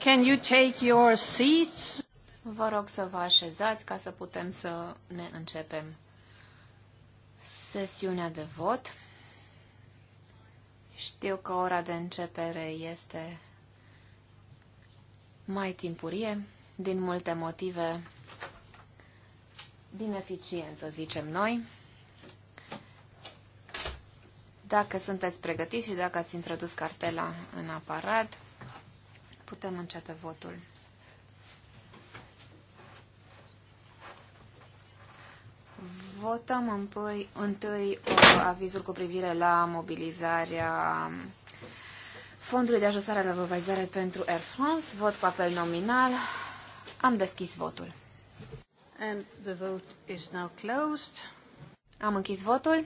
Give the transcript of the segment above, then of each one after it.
Can you take your seats? Vă rog să vă așezați ca să putem să ne începem sesiunea de vot. Știu că ora de începere este mai timpurie, din multe motive, din eficiență, zicem noi. Dacă sunteți pregătiți și dacă ați introdus cartela în aparat, Putem începe votul. Votăm întâi, întâi avizul cu privire la mobilizarea Fondului de ajustare la globalizare pentru Air France. Vot cu apel nominal. Am deschis votul. And the vote is now closed. Am închis votul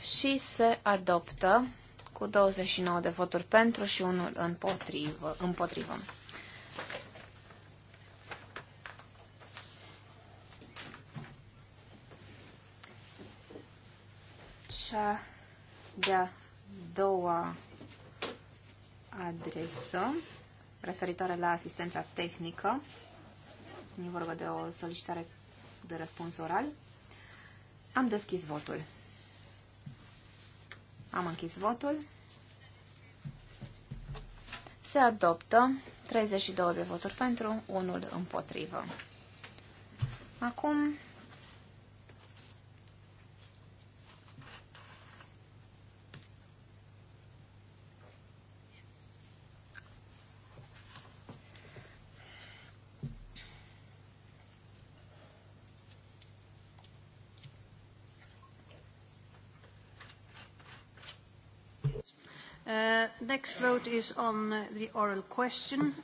și se adoptă cu 29 de voturi pentru și unul împotrivă. împotrivă. Cea de-a doua adresă referitoare la asistența tehnică. E vorba de o solicitare de răspuns oral. Am deschis votul. Am închis votul. Se adoptă 32 de voturi pentru, unul împotrivă. Acum Uh, next vote is on uh, the oral question.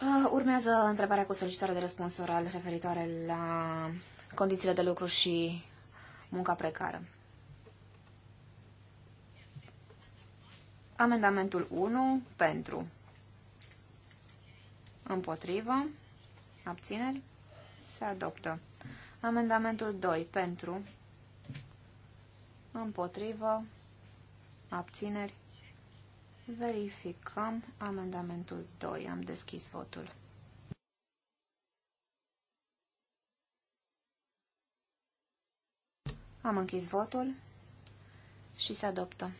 Uh, urmează întrebarea cu solicitare de răspuns oral referitoare la condițiile de lucru și munca precară. Amendamentul 1 pentru. Împotrivă. Abțineri. Se adoptă. Amendamentul 2 pentru împotrivă, abțineri. Verificăm amendamentul 2. Am deschis votul. Am închis votul și se adoptă.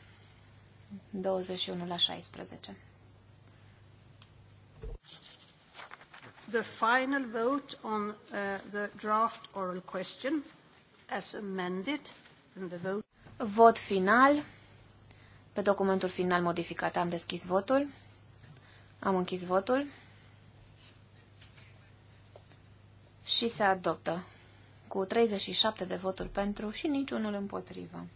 21 la 16. The final vote on uh, the draft oral question as amended and the vote Vot final. Pe documentul final modificat am deschis votul. Am închis votul. Și se adoptă cu 37 de voturi pentru și niciunul împotrivă.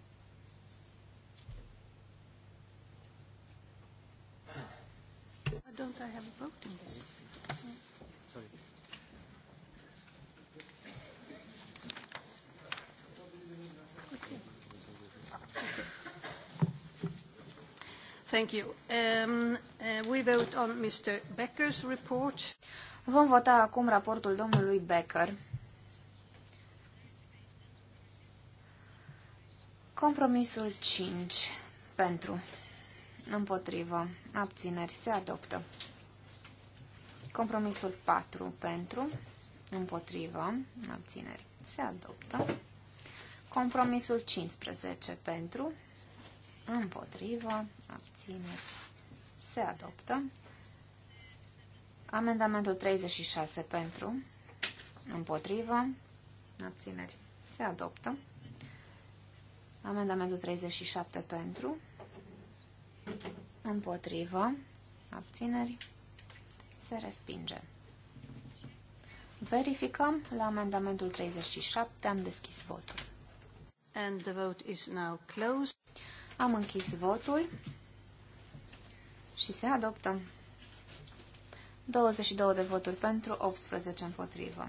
Don't I have a vote in this? Thank you. Um, uh, we vote on Mr. Becker's report. Vom vota acum raportul domnului Becker. Compromisul 5. Pentru. Împotrivă. Abțineri. Se adoptă. Compromisul 4. Pentru. Împotrivă. Abțineri. Se adoptă. Compromisul 15. Pentru împotrivă, Abțineți. se adoptă. Amendamentul 36 pentru, împotrivă, abțineri, se adoptă. Amendamentul 37 pentru, împotrivă, abțineri, se respinge. Verificăm la amendamentul 37, am deschis votul. And the vote is now closed. Am închis votul și se adoptă. 22 de voturi pentru, 18 împotrivă.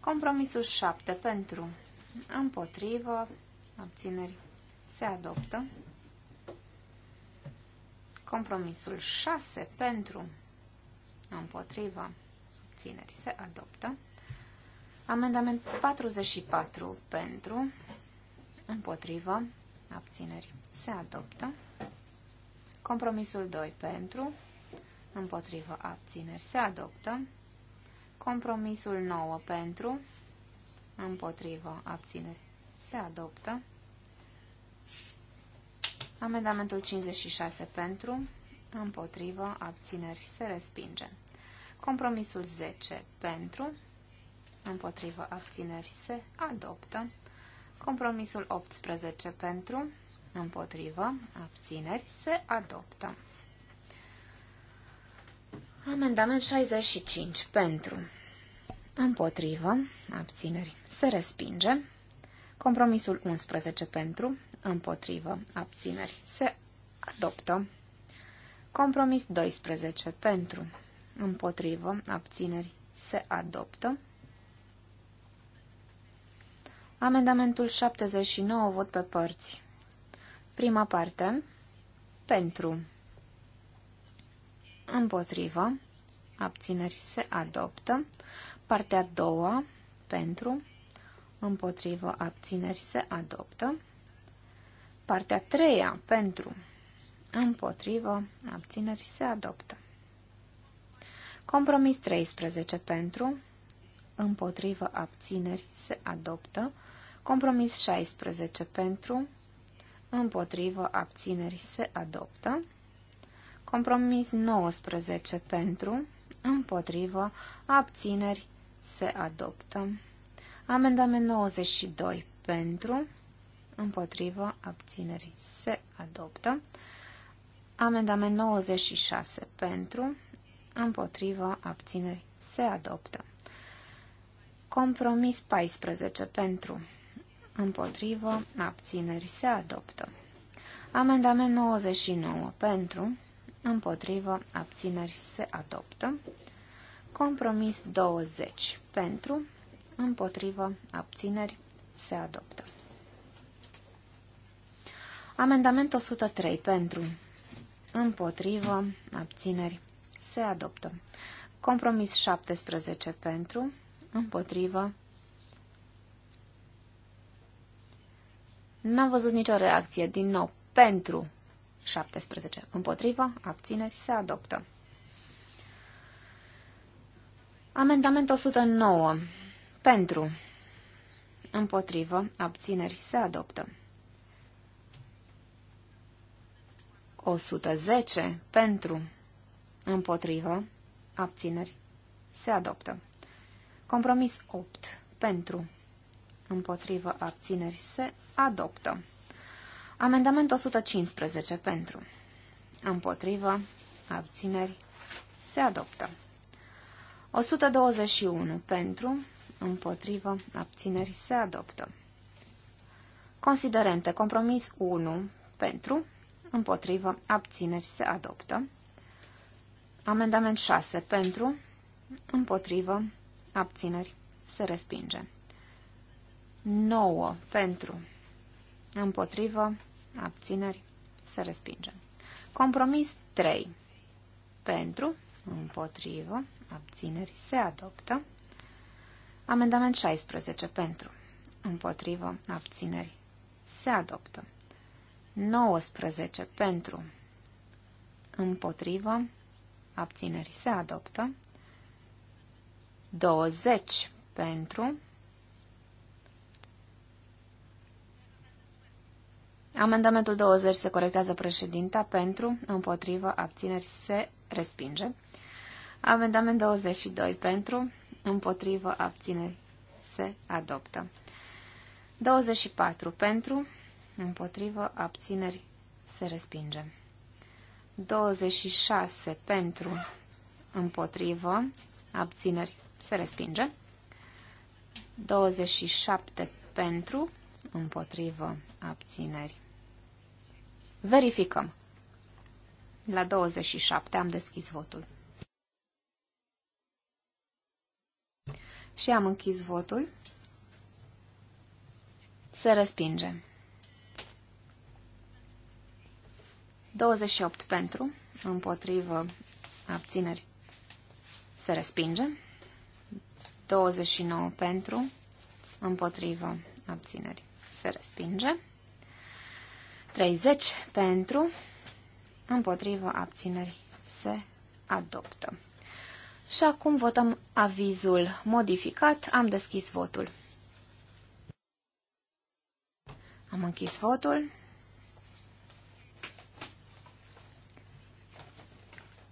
Compromisul 7 pentru, împotrivă, abțineri, se adoptă. Compromisul 6 pentru, împotrivă, abțineri, se adoptă. Amendament 44 pentru, împotrivă, abțineri, se adoptă. Compromisul 2 pentru, împotrivă abțineri se adoptă. Compromisul 9 pentru, împotrivă abțineri se adoptă. Amendamentul 56 pentru, împotrivă abțineri se respinge. Compromisul 10 pentru, împotrivă abțineri se adoptă. Compromisul 18 pentru, împotrivă, abțineri, se adoptă. Amendament 65 pentru, împotrivă, abțineri, se respinge. Compromisul 11 pentru, împotrivă, abțineri, se adoptă. Compromis 12 pentru, împotrivă, abțineri, se adoptă. Amendamentul 79, vot pe părți. Prima parte, pentru, împotrivă, abțineri se adoptă. Partea a doua, pentru, împotrivă, abțineri se adoptă. Partea a treia, pentru, împotrivă, abțineri se adoptă. Compromis 13 pentru, împotrivă abțineri se adoptă. Compromis 16 pentru, împotrivă, abțineri se adoptă. Compromis 19 pentru, împotrivă, abțineri se adoptă. Amendament 92 pentru, împotrivă, abțineri se adoptă. Amendament 96 pentru, împotrivă, abțineri se adoptă. Compromis 14 pentru, împotrivă, abțineri se adoptă. Amendament 99 pentru, împotrivă, abțineri se adoptă. Compromis 20 pentru, împotrivă, abțineri se adoptă. Amendament 103 pentru, împotrivă, abțineri se adoptă. Compromis 17 pentru, împotrivă, N-am văzut nicio reacție. Din nou, pentru 17. Împotrivă, abțineri, se adoptă. Amendament 109. Pentru. Împotrivă, abțineri, se adoptă. 110. Pentru. Împotrivă, abțineri, se adoptă. Compromis 8. Pentru împotrivă, abțineri, se adoptă. Amendament 115 pentru, împotrivă, abțineri, se adoptă. 121 pentru, împotrivă, abțineri, se adoptă. Considerente, compromis 1 pentru, împotrivă, abțineri, se adoptă. Amendament 6 pentru, împotrivă, abțineri, se respinge. 9 pentru, împotrivă, abțineri, se respinge. Compromis 3 pentru, împotrivă, abțineri, se adoptă. Amendament 16 pentru, împotrivă, abțineri, se adoptă. 19 pentru, împotrivă, abțineri, se adoptă. 20 pentru, Amendamentul 20 se corectează președinta pentru, împotrivă, abțineri se respinge. Amendament 22 pentru, împotrivă, abțineri se adoptă. 24 pentru, împotrivă, abțineri se respinge. 26 pentru, împotrivă, abțineri se respinge. 27 pentru, împotrivă, abțineri Verificăm. La 27 am deschis votul. Și am închis votul. Se respinge. 28 pentru, împotrivă, abțineri. Se respinge. 29 pentru, împotrivă, abțineri. Se respinge. 30 pentru, împotrivă abțineri se adoptă. Și acum votăm avizul modificat. Am deschis votul. Am închis votul.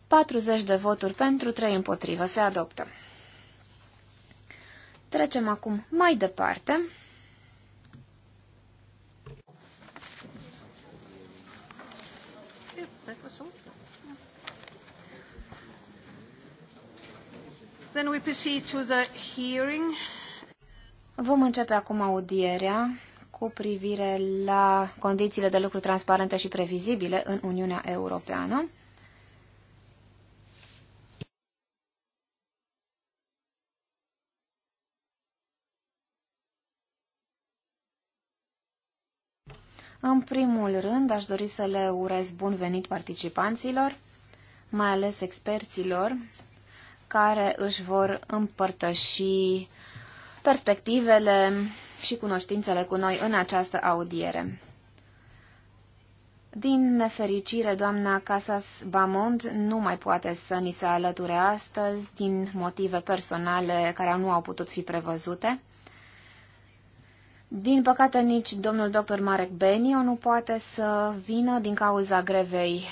40 de voturi pentru, 3 împotrivă. Se adoptă. Trecem acum mai departe Then we proceed to the hearing. Vom începe acum audierea cu privire la condițiile de lucru transparente și previzibile în Uniunea Europeană. În primul rând, aș dori să le urez bun venit participanților, mai ales experților care își vor împărtăși perspectivele și cunoștințele cu noi în această audiere. Din nefericire, doamna Casas Bamond nu mai poate să ni se alăture astăzi din motive personale care nu au putut fi prevăzute. Din păcate, nici domnul dr. Marek Benio nu poate să vină din cauza grevei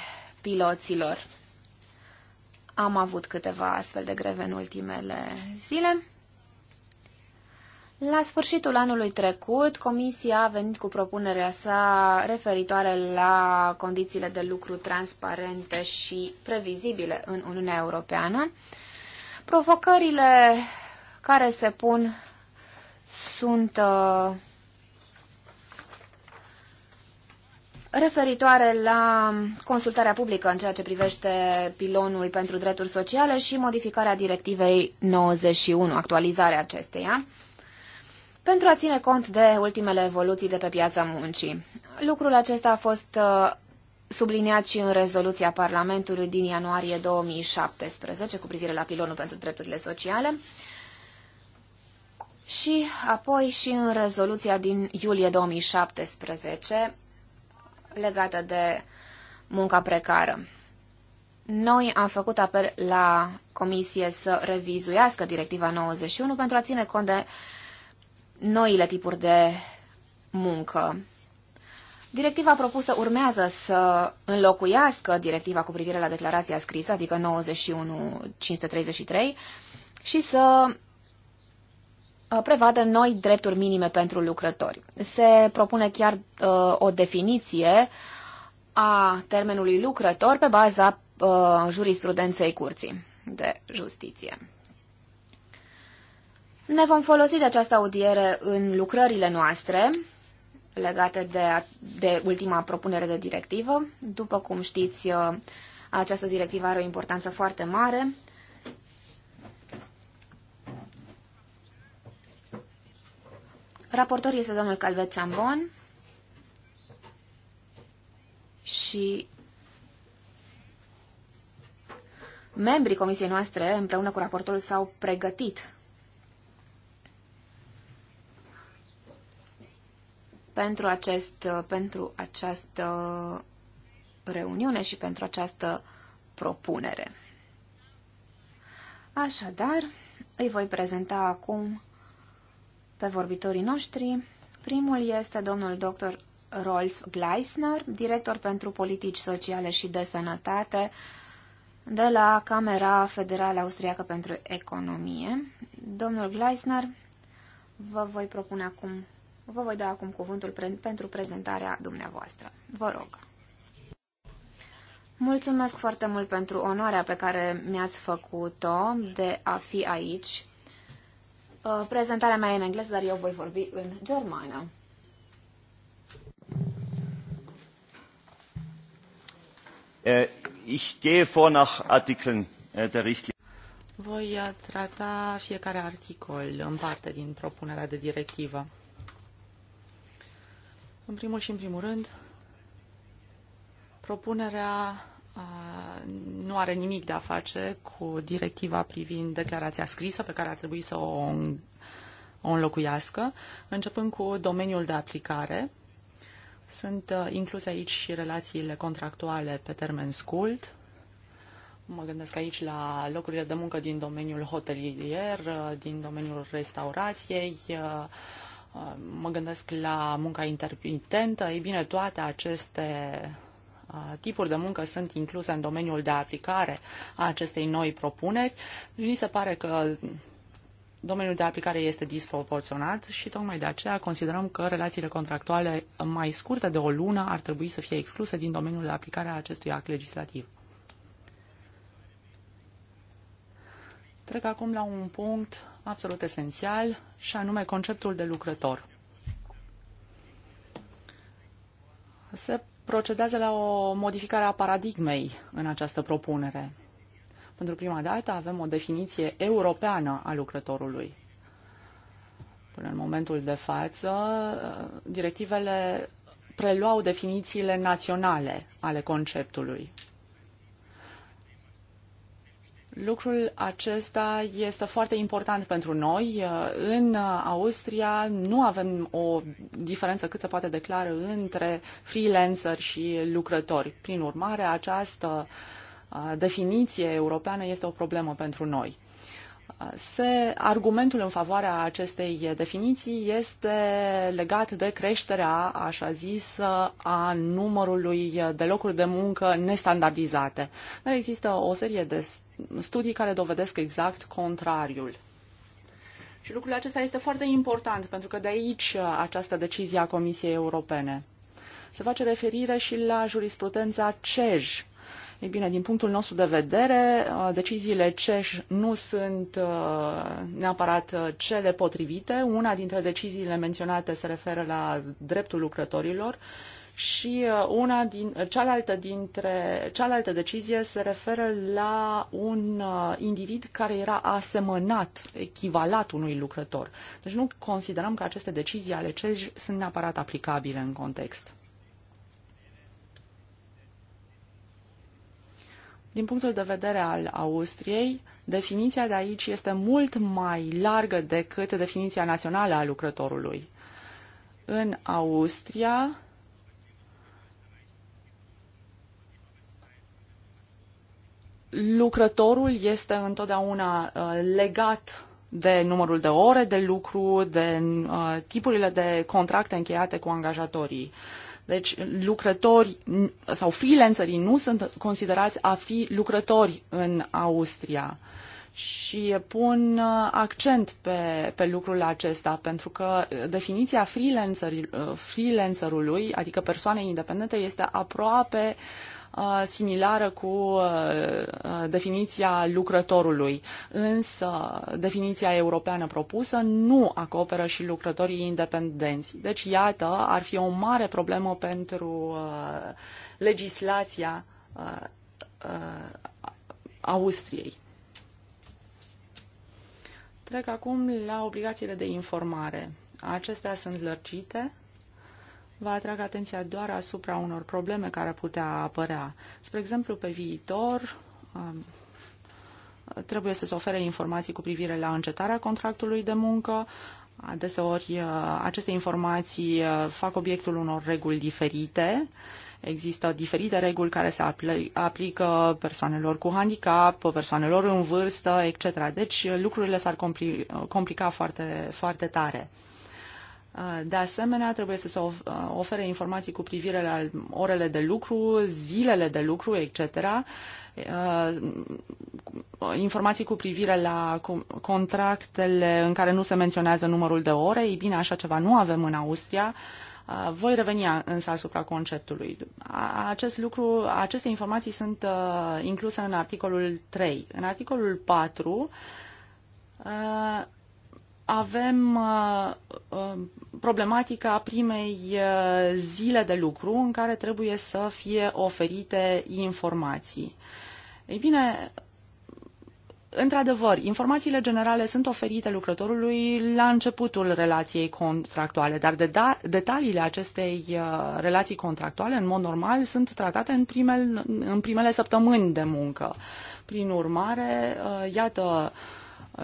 piloților. Am avut câteva astfel de greve în ultimele zile. La sfârșitul anului trecut, Comisia a venit cu propunerea sa referitoare la condițiile de lucru transparente și previzibile în Uniunea Europeană. Provocările care se pun sunt uh, referitoare la consultarea publică în ceea ce privește pilonul pentru drepturi sociale și modificarea directivei 91, actualizarea acesteia, pentru a ține cont de ultimele evoluții de pe piața muncii. Lucrul acesta a fost uh, subliniat și în rezoluția Parlamentului din ianuarie 2017 cu privire la pilonul pentru drepturile sociale și apoi și în rezoluția din iulie 2017 legată de munca precară. Noi am făcut apel la Comisie să revizuiască Directiva 91 pentru a ține cont de noile tipuri de muncă. Directiva propusă urmează să înlocuiască directiva cu privire la declarația scrisă, adică 91.533, și să Uh, prevadă noi drepturi minime pentru lucrători. Se propune chiar uh, o definiție a termenului lucrător pe baza uh, jurisprudenței curții de justiție. Ne vom folosi de această audiere în lucrările noastre legate de, de ultima propunere de directivă. După cum știți, uh, această directivă are o importanță foarte mare Raportor este domnul Calvet Chambon și membrii comisiei noastre, împreună cu raportorul, s-au pregătit pentru, acest, pentru această reuniune și pentru această propunere. Așadar, îi voi prezenta acum pe vorbitorii noștri. Primul este domnul dr. Rolf Gleisner, director pentru politici sociale și de sănătate de la Camera Federală Austriacă pentru Economie. Domnul Gleisner, vă voi propune acum, vă voi da acum cuvântul pre pentru prezentarea dumneavoastră. Vă rog. Mulțumesc foarte mult pentru onoarea pe care mi-ați făcut-o de a fi aici Uh, prezentarea mea e în engleză, dar eu voi vorbi în germană. Uh, ich gehe vor nach Artikeln äh, der Richtlinie. Voi uh, trata fiecare articol în parte din propunerea de directivă. În primul și în primul rând, propunerea nu are nimic de a face cu directiva privind declarația scrisă pe care ar trebui să o, o înlocuiască, începând cu domeniul de aplicare. Sunt uh, incluse aici și relațiile contractuale pe termen scurt. Mă gândesc aici la locurile de muncă din domeniul hotelier, uh, din domeniul restaurației, uh, mă gândesc la munca intermitentă. Ei bine, toate aceste tipuri de muncă sunt incluse în domeniul de aplicare a acestei noi propuneri, mi se pare că domeniul de aplicare este disproporționat și tocmai de aceea considerăm că relațiile contractuale mai scurte de o lună ar trebui să fie excluse din domeniul de aplicare a acestui act legislativ. Trec acum la un punct absolut esențial și anume conceptul de lucrător. Se procedează la o modificare a paradigmei în această propunere. Pentru prima dată avem o definiție europeană a lucrătorului. Până în momentul de față, directivele preluau definițiile naționale ale conceptului. Lucrul acesta este foarte important pentru noi. În Austria nu avem o diferență cât se poate declară între freelancer și lucrători. Prin urmare, această uh, definiție europeană este o problemă pentru noi se, argumentul în favoarea acestei definiții este legat de creșterea, așa zis, a numărului de locuri de muncă nestandardizate. Dar există o serie de studii care dovedesc exact contrariul. Și lucrul acesta este foarte important, pentru că de aici această decizie a Comisiei Europene. Se face referire și la jurisprudența CEJ, ei bine, din punctul nostru de vedere, uh, deciziile CEJ nu sunt uh, neapărat uh, cele potrivite. Una dintre deciziile menționate se referă la dreptul lucrătorilor și una din, cealaltă, dintre, cealaltă decizie se referă la un individ care era asemănat, echivalat unui lucrător. Deci nu considerăm că aceste decizii ale CEJ sunt neapărat aplicabile în context. Din punctul de vedere al Austriei, definiția de aici este mult mai largă decât definiția națională a lucrătorului. În Austria, lucrătorul este întotdeauna uh, legat de numărul de ore de lucru, de uh, tipurile de contracte încheiate cu angajatorii. Deci lucrători sau freelancerii nu sunt considerați a fi lucrători în Austria. Și pun uh, accent pe, pe lucrul acesta, pentru că uh, definiția freelancer, uh, freelancerului, adică persoanei independente, este aproape uh, Uh, similară cu uh, uh, definiția lucrătorului, însă definiția europeană propusă nu acoperă și lucrătorii independenți. Deci, iată, ar fi o mare problemă pentru legislația Austriei. Trec acum la obligațiile de informare. Acestea sunt lărgite vă atrag atenția doar asupra unor probleme care ar putea apărea. Spre exemplu, pe viitor um, trebuie să se ofere informații cu privire la încetarea contractului de muncă. Adeseori uh, aceste informații uh, fac obiectul unor reguli diferite. Există diferite reguli care se aplică persoanelor cu handicap, persoanelor în vârstă, etc. Deci lucrurile s-ar complica foarte, foarte tare. Uh, de asemenea, trebuie să se uh, ofere informații cu privire la orele de lucru, zilele de lucru, etc., uh, informații cu privire la contractele în care nu se menționează numărul de ore. Ei bine, așa ceva nu avem în Austria. Voi reveni însă asupra conceptului. Acest lucru, aceste informații sunt incluse în articolul 3. În articolul 4 avem uh, uh, problematica primei uh, zile de lucru în care trebuie să fie oferite informații. Ei bine, Într-adevăr, informațiile generale sunt oferite lucrătorului la începutul relației contractuale, dar de da- detaliile acestei uh, relații contractuale, în mod normal, sunt tratate în, primel, în primele săptămâni de muncă. Prin urmare, uh, iată, uh,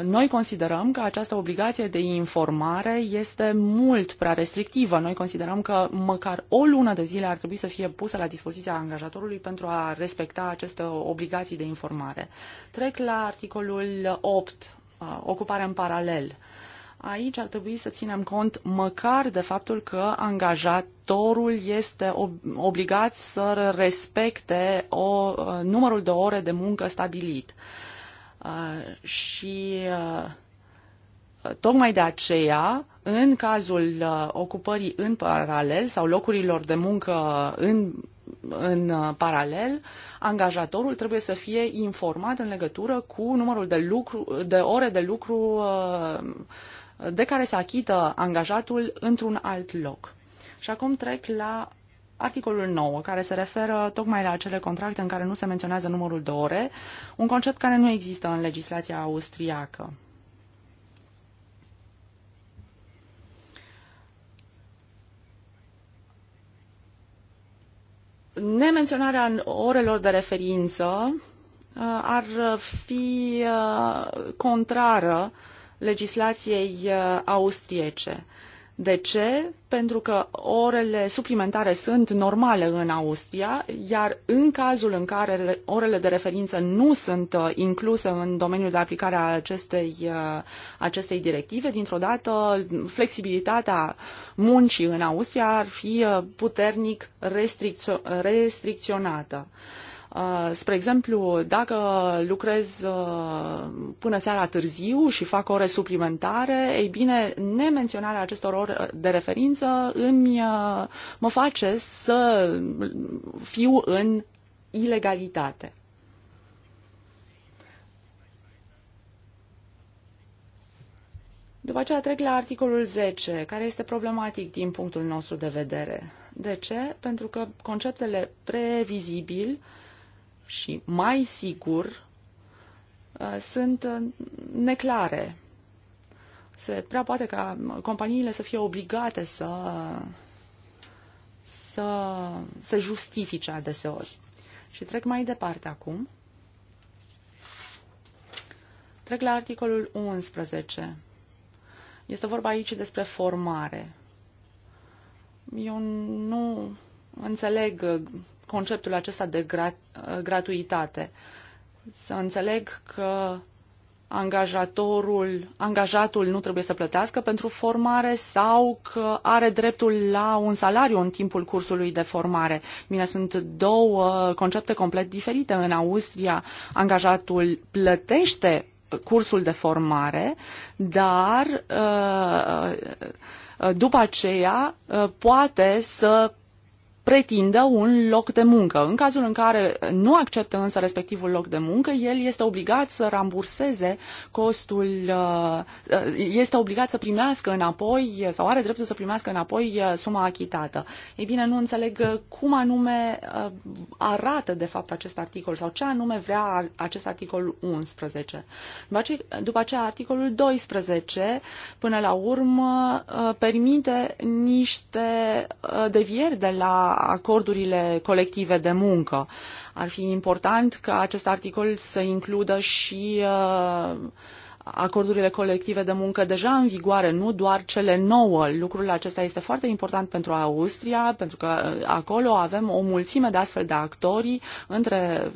noi considerăm că această obligație de informare este mult prea restrictivă. Noi considerăm că măcar o lună de zile ar trebui să fie pusă la dispoziția angajatorului pentru a respecta aceste obligații de informare. Trec la articolul 8, uh, ocuparea în paralel. Aici ar trebui să ținem cont măcar de faptul că angajatorul este obligat să respecte o, uh, numărul de ore de muncă stabilit. Uh, Uh, și uh, tocmai de aceea, în cazul uh, ocupării în paralel sau locurilor de muncă în, în paralel, angajatorul trebuie să fie informat în legătură cu numărul de, lucru, de ore de lucru de care se achită angajatul într-un alt loc. Și acum trec la articolul 9, care se referă tocmai la acele contracte în care nu se menționează numărul de ore, un concept care nu există în legislația austriacă. Nemenționarea orelor de referință uh, ar fi uh, contrară legislației uh, austriece. De ce? Pentru că orele suplimentare sunt normale în Austria, iar în cazul în care orele de referință nu sunt uh, incluse în domeniul de aplicare a acestei, uh, acestei directive, dintr-o dată flexibilitatea muncii în Austria ar fi uh, puternic restricționată. Uh, spre exemplu, dacă lucrez uh, până seara târziu și fac ore suplimentare, ei bine, nemenționarea acestor ore de referință îmi, uh, mă face să fiu în ilegalitate. După aceea trec la articolul 10, care este problematic din punctul nostru de vedere. De ce? Pentru că conceptele previzibil uh, și mai sigur uh, sunt uh, neclare. Se prea poate ca companiile să fie obligate să, să, să justifice adeseori. Și trec mai departe acum. Trec la articolul 11. Este vorba aici despre formare. Eu nu înțeleg uh, conceptul acesta de uh, gratuitate. Să înțeleg că angajatorul, angajatul nu trebuie să plătească pentru formare sau că are dreptul la un salariu în timpul cursului de formare. Bine, sunt două concepte complet diferite. În Austria, angajatul plătește cursul de formare, dar uh, după aceea uh, poate să pretindă un loc de muncă. În cazul în care nu acceptă însă respectivul loc de muncă, el este obligat să ramburseze costul, uh, este obligat să primească înapoi sau are dreptul să primească înapoi uh, suma achitată. Ei bine, nu înțeleg uh, cum anume arată de fapt acest articol sau ce anume vrea acest articol 11. După aceea, după aceea articolul 12 până la urmă permite niște devieri de la acordurile colective de muncă. Ar fi important ca acest articol să includă și uh, acordurile colective de muncă deja în vigoare, nu doar cele nouă. Lucrul acesta este foarte important pentru Austria, pentru că uh, acolo avem o mulțime de astfel de actori între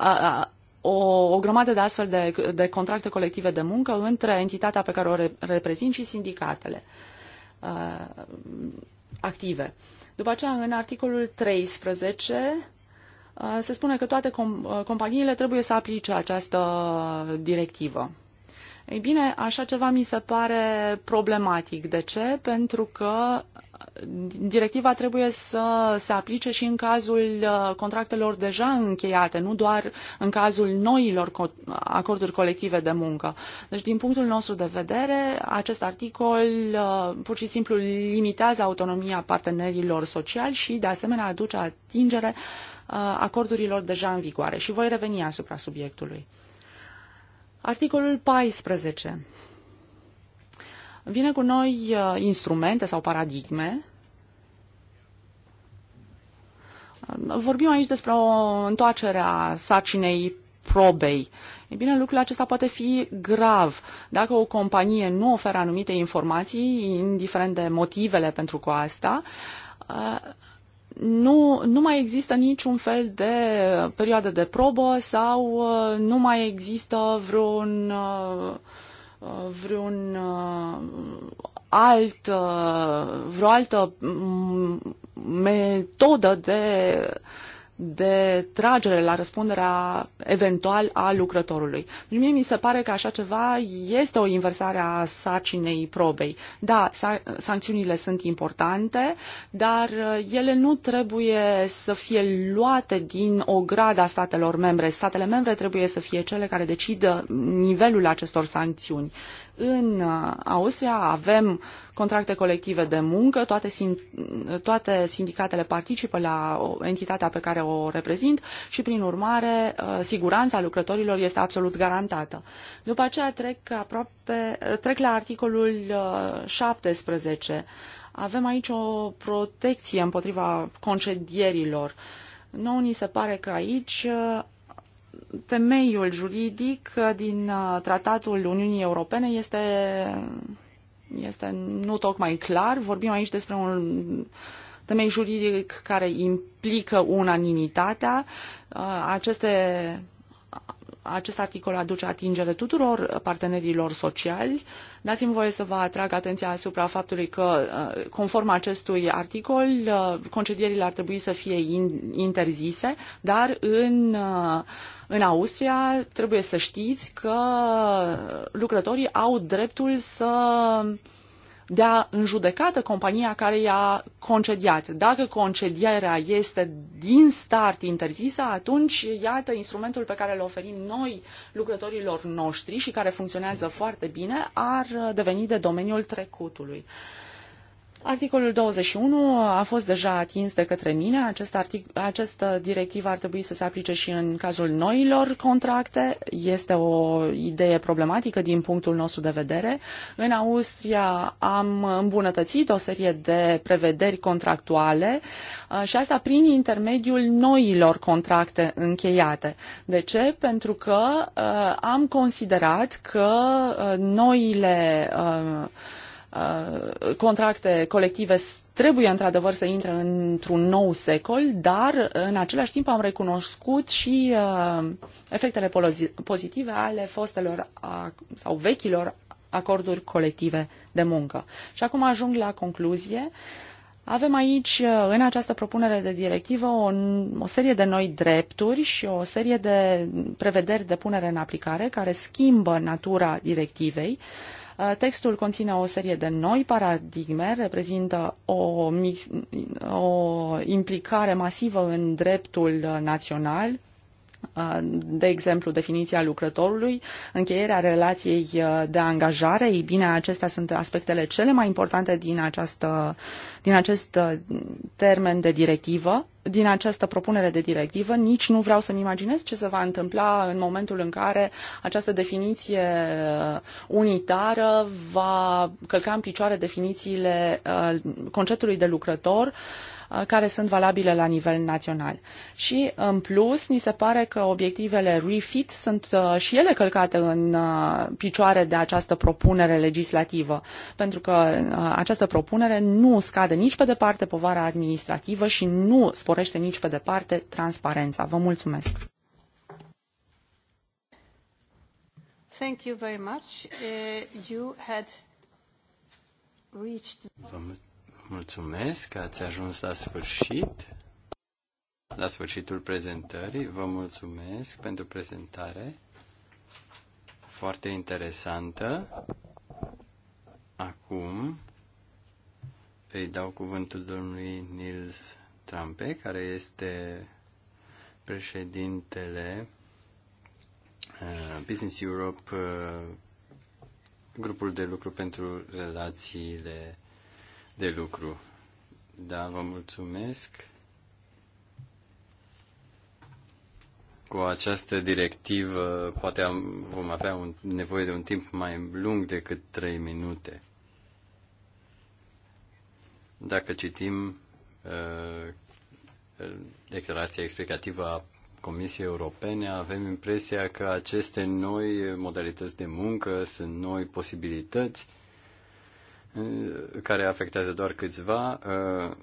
uh, o, o grămadă de astfel de, de contracte colective de muncă între entitatea pe care o re, reprezint și sindicatele uh, active. Uh, după aceea, în articolul 13, uh, se spune că toate uh, companiile trebuie să aplice această uh, directivă. Ei bine, așa ceva mi se pare problematic. De ce? Pentru că directiva trebuie să se aplice și în cazul uh, contractelor deja încheiate, nu doar în cazul noilor acorduri colective de muncă. Deci, din punctul nostru de vedere, acest articol uh, pur și simplu limitează autonomia partenerilor sociali și, de asemenea, aduce atingere uh, acordurilor deja în vigoare. Și voi reveni asupra subiectului. Articolul 14 vine cu noi uh, instrumente sau paradigme. Uh, vorbim aici despre o întoarcere a sacinei probei. E bine, lucrul acesta poate fi grav. Dacă o companie nu oferă anumite informații, indiferent de motivele pentru coasta, asta, uh, nu, nu mai există niciun fel de perioadă de probă sau uh, nu mai există vreun, uh, vreun uh, alt, vreo altă metodă de de tragere la răspunderea eventual a lucrătorului. Deci mie mi se pare că așa ceva este o inversare a sacinei probei. Da, sancțiunile sunt importante, dar uh, ele nu trebuie să fie luate din o grada statelor membre. Statele membre trebuie să fie cele care decidă nivelul acestor sancțiuni. În uh, Austria avem contracte colective de muncă, toate, toate sindicatele participă la entitatea pe care o reprezint și, prin urmare, uh, siguranța lucrătorilor este absolut garantată. După aceea trec, aproape, uh, trec la articolul 17. Avem aici o protecție împotriva concedierilor. Nouă ni se pare că aici temeiul juridic din uh, Tratatul Uniunii Europene este, este nu tocmai clar. Vorbim aici despre un temei juridic care implică unanimitatea. Uh, aceste, acest articol aduce atingere tuturor partenerilor sociali. Dați-mi voie să vă atrag atenția asupra faptului că, uh, conform acestui articol, concedierile ar trebui să fie interzise, dar în în Austria trebuie să știți că lucrătorii au dreptul să dea în judecată compania care i-a concediat. Dacă concedierea este din start interzisă, atunci iată instrumentul pe care îl oferim noi lucrătorilor noștri și care funcționează foarte bine ar deveni de domeniul trecutului. Articolul 21 a fost deja atins de către mine. Acest artic, această directivă ar trebui să se aplice și în cazul noilor contracte. Este o idee problematică din punctul nostru de vedere. În Austria am îmbunătățit o serie de prevederi contractuale și asta prin intermediul noilor contracte încheiate. De ce? Pentru că am considerat că noile Uh, contracte colective trebuie într-adevăr să intre într-un nou secol, dar în același timp am recunoscut și uh, efectele pozitive ale fostelor sau vechilor acorduri colective de muncă. Și acum ajung la concluzie. Avem aici, uh, în această propunere de directivă, o, o serie de noi drepturi și o serie de prevederi de punere în aplicare care schimbă natura directivei. Uh, Uh, textul conține o serie de noi paradigme, reprezintă o, o implicare masivă în dreptul național, de exemplu, definiția lucrătorului, încheierea relației uh, de angajare. Ei bine, acestea sunt aspectele cele mai importante din, această, din acest uh, termen de directivă, din această propunere de directivă. Nici nu vreau să-mi imaginez ce se va întâmpla în momentul în care această definiție uh, unitară va călca în picioare definițiile conceptului de lucrător Uh, care sunt valabile la nivel național. Și, în plus, ni se pare că obiectivele refit sunt uh, și ele călcate în uh, picioare de această propunere legislativă, pentru că această propunere nu scade nici pe departe povara administrativă și nu sporește nici pe departe transparența. Vă mulțumesc! Thank you very much. Uh, you had reached. Mulțumesc că ați ajuns la sfârșit, la sfârșitul prezentării. Vă mulțumesc pentru prezentare foarte interesantă. Acum îi dau cuvântul domnului Nils Trampe, care este președintele uh, Business Europe, uh, grupul de lucru pentru relațiile de lucru. Da, vă mulțumesc. Cu această directivă poate am, vom avea un, nevoie de un timp mai lung decât 3 minute. Dacă citim uh, declarația explicativă a Comisiei Europene, avem impresia că aceste noi modalități de muncă sunt noi posibilități uh, Eh, care afectează doar câțiva, eh,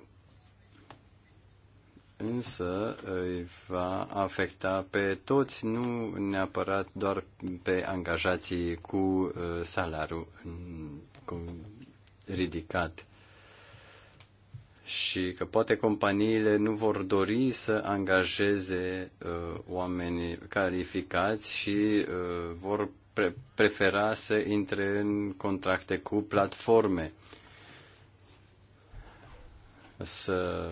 însă îi va afecta pe toți, nu neapărat doar pe angajații cu eh, salariu mm, ridicat. Și că poate companiile nu vor dori să angajeze uh, oameni calificați și uh, vor pre- prefera să intre în contracte cu platforme. Să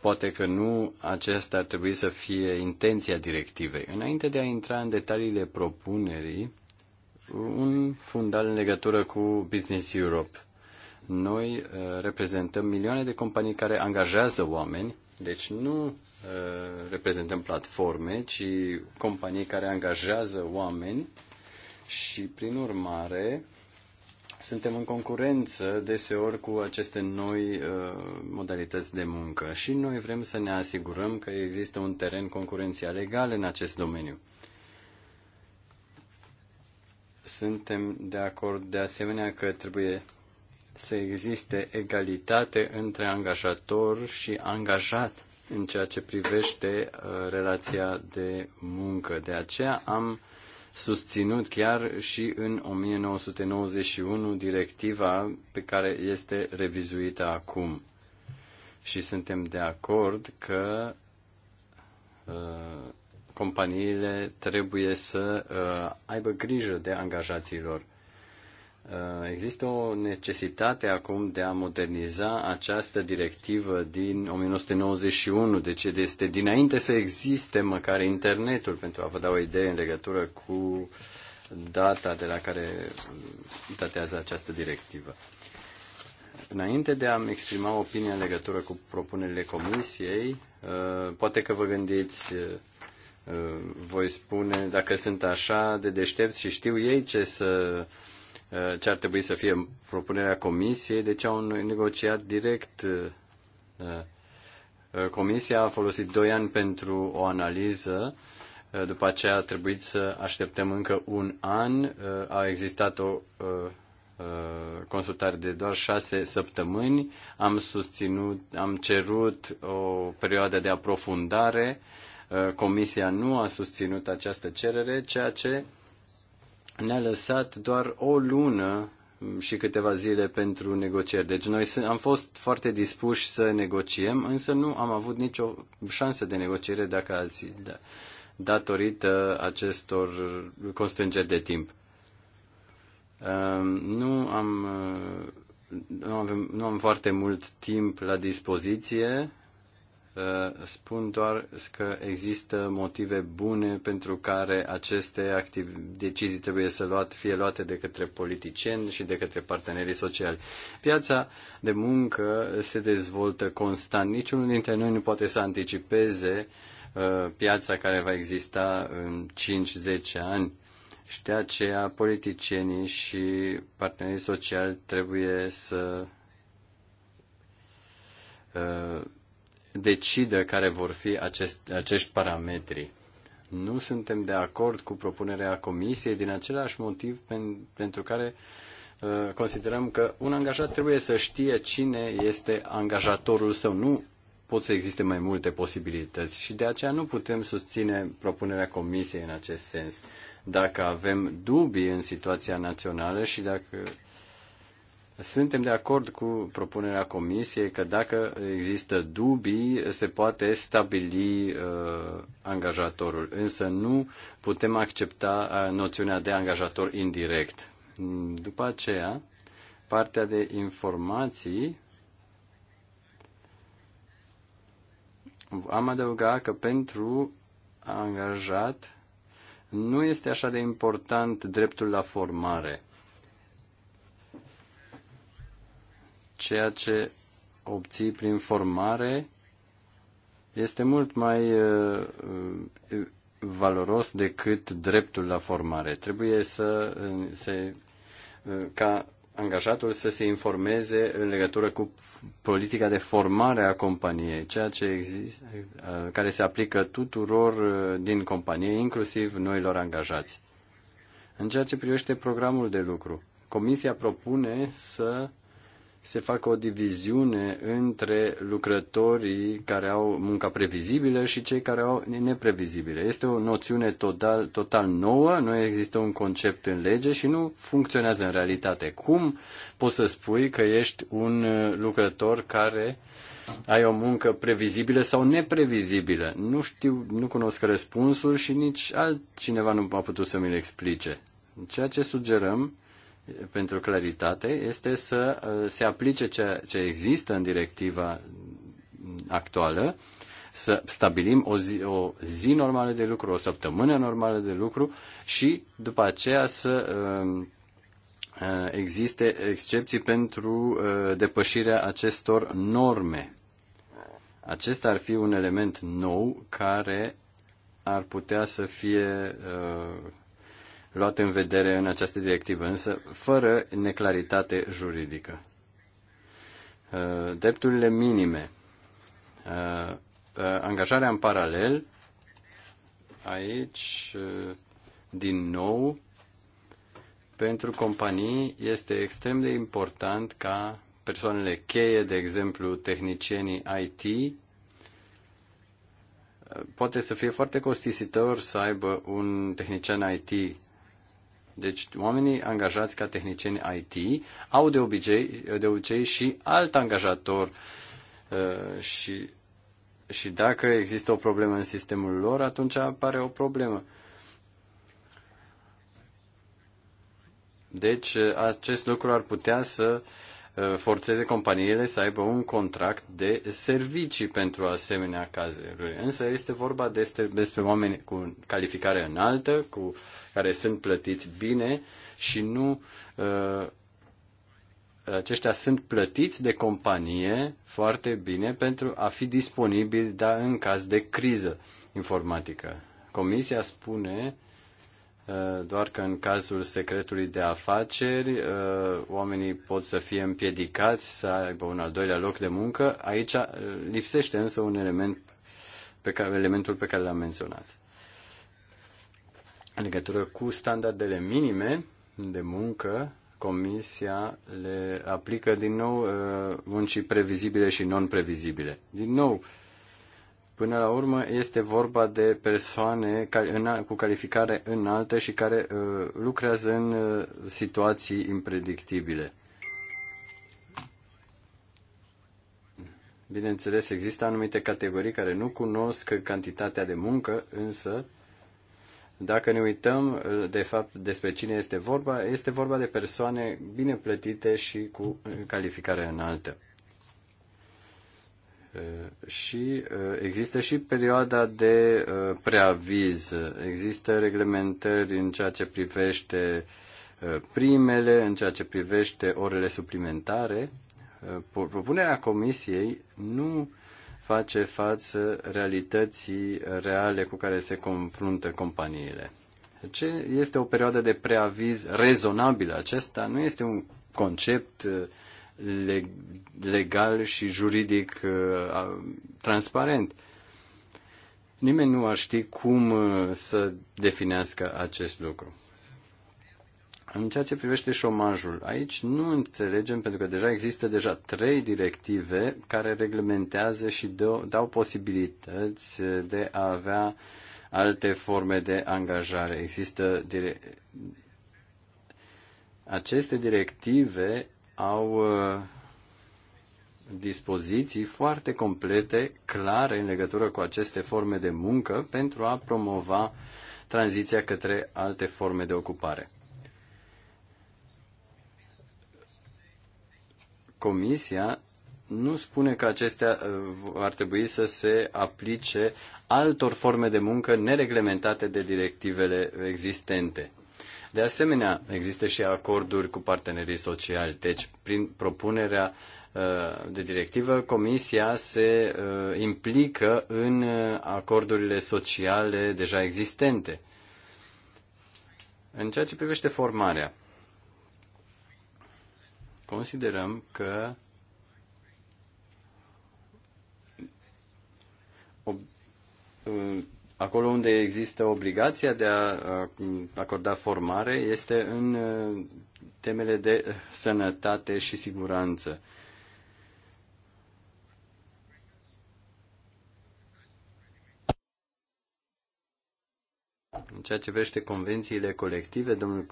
poate că nu acesta ar trebui să fie intenția directivei. Înainte de a intra în detaliile propunerii, un fundal în legătură cu Business Europe. Noi uh, reprezentăm milioane de companii care angajează oameni, deci nu uh, reprezentăm platforme, ci companii care angajează oameni și, prin urmare, suntem în concurență deseori cu aceste noi uh, modalități de muncă și noi vrem să ne asigurăm că există un teren concurențial egal în acest domeniu. Suntem de acord de asemenea că trebuie să existe egalitate între angajator și angajat în ceea ce privește uh, relația de muncă. De aceea am uh, susținut chiar și în 1991 directiva pe care este revizuită acum. Și suntem de acord că uh, companiile trebuie să uh, aibă grijă de angajații lor. Uh, există o necesitate acum de a moderniza această directivă din 1991, deci este dinainte să existe măcar internetul, pentru a vă da o idee în legătură cu data de la care datează această directivă. Înainte de a-mi exprima opinia în legătură cu propunerile comisiei, uh, poate că vă gândiți uh, voi spune dacă sunt așa de deștepți și știu ei ce să ce ar trebui să fie propunerea comisiei, deci au negociat direct. Uh, uh, comisia a folosit 2 ani pentru o analiză, uh, după aceea a trebuit să așteptăm încă un an. A existat o consultare de doar șase săptămâni. Am susținut, am cerut o perioadă de aprofundare. Comisia nu a susținut această cerere, ceea ce ne-a lăsat doar o lună și câteva zile pentru negocieri. Deci noi am fost foarte dispuși să negociem, însă nu am avut nicio șansă de negociere dacă azi, da, datorită acestor constrângeri de timp. Nu am, uh, nu, avem, nu am foarte mult timp la dispoziție Uh, spun doar că există motive bune pentru care aceste decizii trebuie să luat, fie luate de către politicieni și de către partenerii sociali. Piața de muncă se dezvoltă constant. Niciunul dintre noi nu poate să anticipeze uh, piața care va exista în 5-10 ani. Și de aceea politicienii și partenerii sociali trebuie să uh, decidă care vor fi acest, acești parametri. Nu suntem de acord cu propunerea comisiei din același motiv pen, pentru care uh, considerăm că un angajat trebuie să știe cine este angajatorul său. Nu pot să existe mai multe posibilități și de aceea nu putem susține propunerea comisiei în acest sens. Dacă avem dubii în situația națională și dacă suntem de acord cu propunerea Comisiei că dacă există dubii, se poate stabili uh, angajatorul, însă nu putem accepta uh, noțiunea de angajator indirect. După aceea, partea de informații am adăugat că pentru angajat nu este așa de important dreptul la formare ceea ce obții prin formare este mult mai uh, uh, valoros decât dreptul la formare. Trebuie să uh, se, ca angajatul să se informeze în legătură cu politica de formare a companiei, ceea ce există, care se aplică tuturor din companie, inclusiv noilor angajați. În ceea ce privește programul de lucru, Comisia propune să uh, se facă o diviziune între lucrătorii care au munca previzibilă și cei care au neprevizibile. Este o noțiune total, total nouă, nu există un concept în lege și nu funcționează în realitate. Cum poți să spui că ești un uh, lucrător care ai o muncă previzibilă sau neprevizibilă? Nu știu, nu cunosc răspunsul și nici altcineva nu a putut să mi-l explice. Ceea ce sugerăm pentru claritate este să uh, se aplice ceea ce există în directiva actuală, să stabilim o zi, o zi normală de lucru, o săptămână normală de lucru și după aceea să um, uh, existe excepții pentru uh, depășirea acestor norme. Acesta ar fi un element nou care ar putea să fie luat în vedere în această directivă, însă fără neclaritate juridică. Uh, drepturile minime. Uh, uh, angajarea în paralel. Aici, din nou, pentru companii este extrem de important ca persoanele cheie, de exemplu tehnicienii IT, poate să fie foarte costisitor să aibă un tehnician IT deci oamenii angajați ca tehnicieni IT au de obicei, de obicei și alt angajator uh, și, și dacă există o problemă în sistemul lor, atunci apare o problemă. Deci uh, acest lucru ar putea să uh, Uh, forțeze companiile să aibă un contract de servicii pentru asemenea cazuri. Însă este vorba despre, despre oameni cu calificare înaltă, cu care sunt plătiți bine și nu uh, aceștia sunt plătiți de companie foarte bine pentru a fi disponibili da, în caz de criză informatică. Comisia spune Eh, doar că în cazul secretului de afaceri eh, oamenii pot să fie împiedicați să aibă un al doilea loc de muncă. Aici eh, lipsește însă un element pe care, elementul pe care l-am menționat. În legătură cu standardele minime de muncă, Comisia le aplică din nou muncii previzibile și non-previzibile. Din nou, Până la urmă este vorba de persoane cu calificare înaltă și care uh, lucrează în uh, situații impredictibile. Bineînțeles, există anumite categorii care nu cunosc cantitatea de muncă, însă dacă ne uităm uh, de fapt despre cine este vorba, este vorba de persoane bine plătite și cu calificare înaltă. Eh, și eh, există și perioada de eh, preaviz. Există reglementări în ceea ce privește primele, în ceea ce privește orele suplimentare. Propunerea comisiei nu face față realității reale cu care se confruntă companiile. Ce este o perioadă de preaviz rezonabilă? Acesta nu este un concept uh, legal și juridic uh, transparent. Nimeni nu ar ști cum uh, să definească acest lucru. În ceea ce privește șomajul, aici nu înțelegem, pentru că deja există deja trei directive care reglementează și dă, dau posibilități uh, de a avea alte forme de angajare. Există dire... aceste directive au uh, dispoziții foarte complete, clare în legătură cu aceste forme de muncă pentru a promova tranziția către alte forme de ocupare. Comisia nu spune că acestea uh, ar trebui să se aplice altor forme de muncă nereglementate de directivele existente. De asemenea, există și acorduri cu partenerii sociali. Deci, prin propunerea uh, de directivă, Comisia se uh, implică în uh, acordurile sociale deja existente. În ceea ce privește formarea, considerăm că Acolo unde există obligația de a acorda formare este în temele de sănătate și siguranță. În ceea ce vește convențiile colective, domnul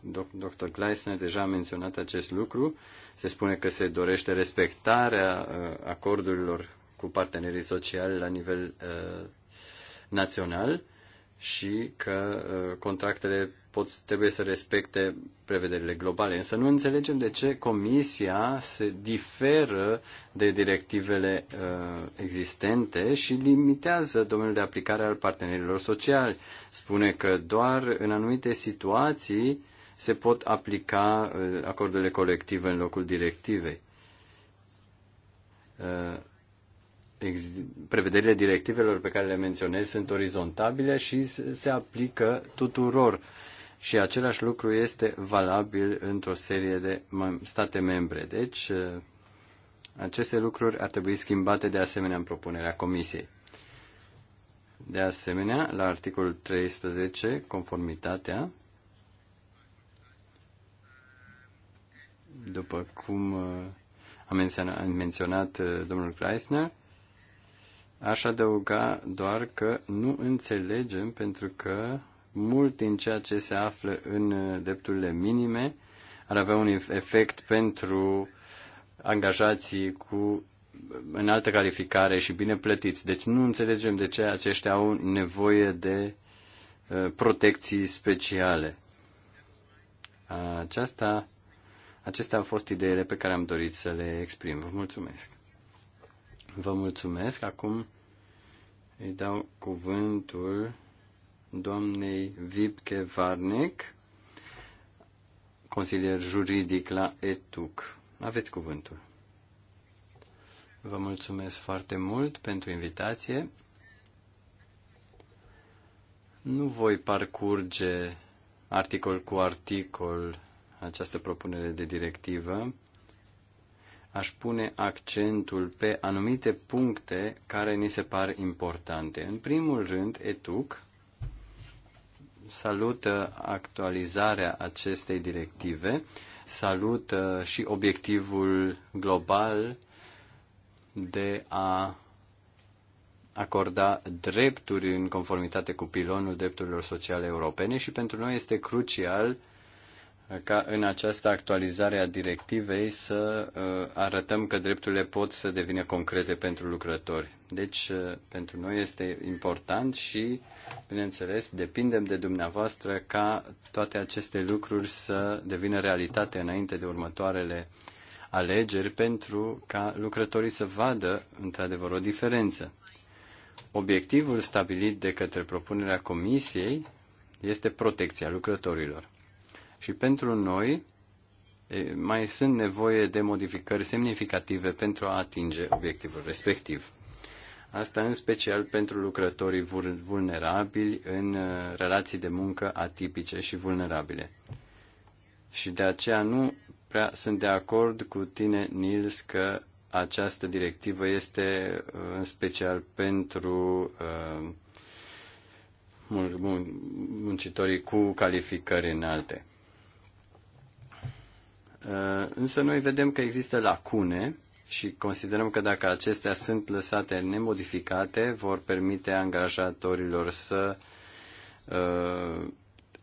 dr. Gleisner deja a menționat acest lucru. Se spune că se dorește respectarea acordurilor cu partenerii sociali la nivel național și că uh, contractele pot, trebuie să respecte prevederile globale. Însă nu înțelegem de ce Comisia se diferă de directivele uh, existente și limitează domeniul de aplicare al partenerilor sociali. Spune că doar în anumite situații se pot aplica uh, acordurile colective în locul directivei. Uh, prevederile directivelor pe care le menționez sunt orizontabile și se aplică tuturor. Și același lucru este valabil într-o serie de state membre. Deci, eh, aceste lucruri ar trebui schimbate de asemenea în propunerea Comisiei. De asemenea, la articolul 13, conformitatea, după cum eh, a menționat, a eh, menționat domnul Kreisner, Aș adăuga doar că nu înțelegem pentru că mult din ceea ce se află în uh, drepturile minime ar avea un efect pentru angajații cu altă calificare și bine plătiți. Deci nu înțelegem de ce aceștia au nevoie de uh, protecții speciale. Aceasta, acestea au fost ideile pe care am dorit să le exprim. Vă mulțumesc. Vă mulțumesc. Acum îi dau cuvântul doamnei Vipke Varnec, consilier juridic la ETUC. Aveți cuvântul. Vă mulțumesc foarte mult pentru invitație. Nu voi parcurge articol cu articol această propunere de directivă aș pune accentul pe anumite puncte care ni se par importante. În primul rând, ETUC salută actualizarea acestei directive, salută și obiectivul global de a acorda drepturi în conformitate cu pilonul drepturilor sociale europene și pentru noi este crucial uh, ca în această actualizare a directivei să uh, arătăm că drepturile pot să devină concrete pentru lucrători. Deci, uh, pentru noi este important și, bineînțeles, depindem de dumneavoastră ca toate aceste lucruri să devină realitate înainte de următoarele alegeri pentru ca lucrătorii să vadă, într-adevăr, o diferență. Obiectivul stabilit de către propunerea Comisiei este protecția lucrătorilor și pentru noi mai sunt nevoie de modificări semnificative pentru a atinge obiectivul respectiv. Asta în special pentru lucrătorii vulnerabili în uh, relații de muncă atipice și vulnerabile. Și de aceea nu prea sunt de acord cu tine, Nils, că această directivă este uh, în special pentru uh, muncitorii cu calificări înalte. Uh, însă noi vedem că există lacune și considerăm că dacă acestea sunt lăsate nemodificate, vor permite angajatorilor să uh,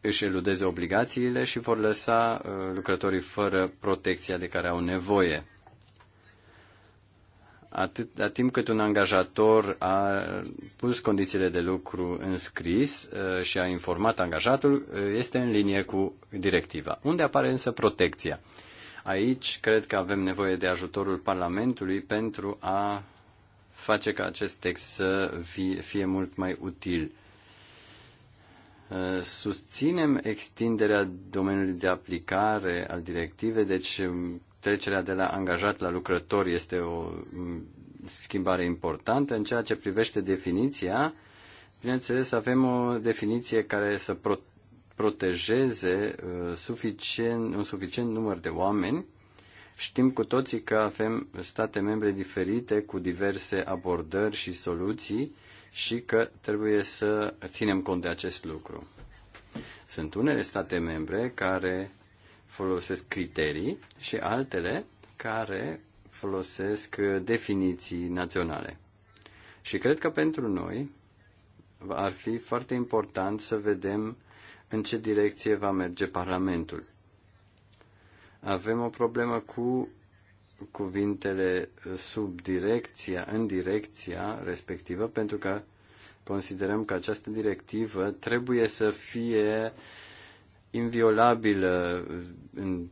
își eludeze obligațiile și vor lăsa uh, lucrătorii fără protecția de care au nevoie. Atâta timp cât un angajator a pus condițiile de lucru în scris uh, și a informat angajatul, uh, este în linie cu directiva. Unde apare însă protecția? Uh, Aici cred că avem nevoie de ajutorul Parlamentului pentru a face ca acest text să fie mult mai util. Uh, susținem extinderea domeniului de aplicare al directivei, deci um, trecerea de la angajat la lucrător este o um, schimbare importantă. În ceea ce privește definiția, bineînțeles avem o definiție care să protejeze uh, suficient, un suficient număr de oameni. Știm cu toții că avem state membre diferite cu diverse abordări și soluții și că trebuie să ținem cont de acest lucru. Sunt unele state membre care folosesc criterii și altele care folosesc uh, definiții naționale. Și cred că pentru noi ar fi foarte important să vedem în ce direcție va merge Parlamentul. Avem o problemă cu cuvintele uh, sub direcția, în direcția respectivă, pentru că considerăm că această directivă trebuie să fie inviolabilă uh, în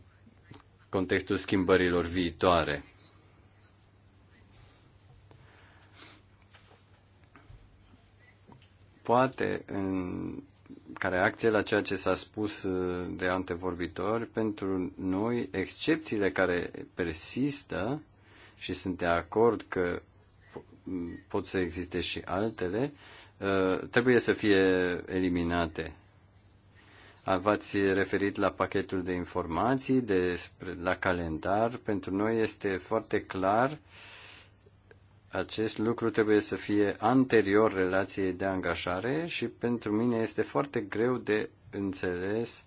contextul schimbărilor viitoare. Poate în ca reacție la ceea ce s-a spus uh, de antevorbitori, pentru noi, excepțiile care persistă și sunt de acord că pot să existe și altele, uh, trebuie să fie eliminate. V-ați referit la pachetul de informații, de la calendar. Pentru noi este foarte clar uh, acest lucru trebuie să fie anterior relației de angajare și pentru mine este foarte greu de înțeles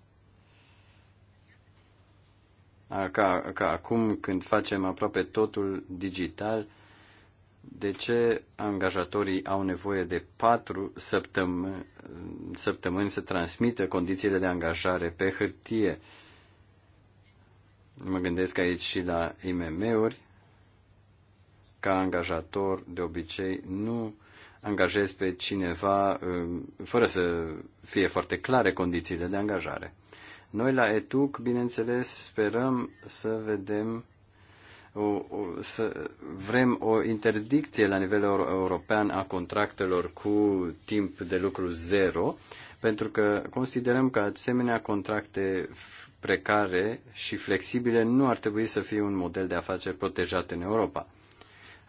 ca, ca acum când facem aproape totul digital, de ce angajatorii au nevoie de patru săptămâni, săptămâni să transmită condițiile de angajare pe hârtie. Mă gândesc aici și la IMM-uri ca angajator de obicei nu angajezi pe cineva um, fără să fie foarte clare condițiile de angajare. Noi la ETUC, bineînțeles, sperăm să vedem o, o, să vrem o interdicție la nivel european a contractelor cu timp de lucru zero, pentru că considerăm că asemenea contracte precare și flexibile nu ar trebui să fie un model de afaceri protejat în Europa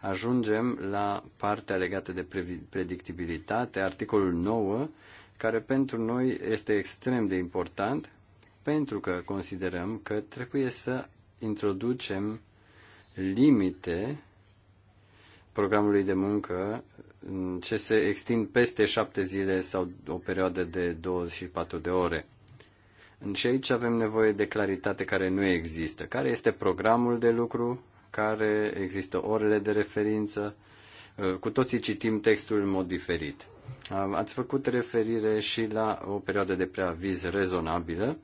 ajungem la partea legată de predictibilitate, articolul 9, care pentru noi este extrem de important, pentru că considerăm că trebuie să introducem limite programului de muncă ce se extind peste șapte zile sau o perioadă de 24 de ore. Și aici avem nevoie de claritate care nu există. Care este programul de lucru? care, există orele de referință. Uh, cu toții citim textul în mod diferit. Uh, ați făcut referire și la o perioadă de preaviz rezonabilă.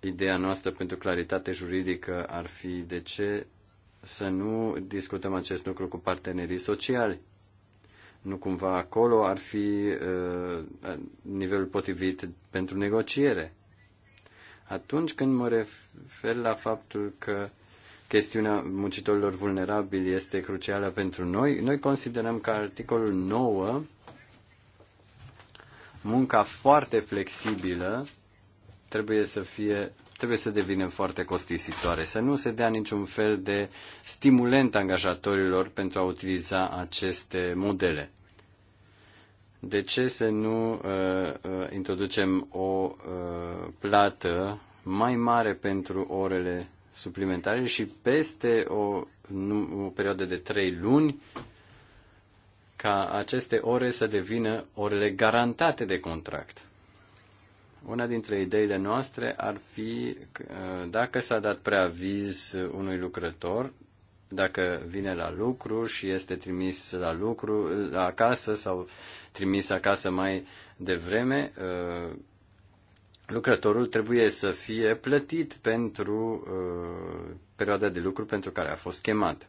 Ideea noastră pentru claritate juridică ar fi de ce să nu discutăm acest lucru cu partenerii sociali. Nu cumva acolo ar fi uh, nivelul potrivit pentru negociere. Atunci când mă refer la faptul că chestiunea muncitorilor vulnerabili este crucială pentru noi. Noi considerăm că articolul 9, munca foarte flexibilă, trebuie să fie trebuie să devină foarte costisitoare, să nu se dea niciun fel de stimulent angajatorilor pentru a utiliza aceste modele. De ce să nu uh, uh introducem o uh, plată mai mare pentru orele suplimentare și peste o, o perioadă de trei luni ca aceste ore să devină orele garantate de contract. Una dintre ideile noastre ar fi dacă s-a dat preaviz unui lucrător, dacă vine la lucru și este trimis la lucru la acasă sau trimis acasă mai devreme, lucrătorul trebuie să fie plătit pentru uh, perioada de lucru pentru care a fost chemat.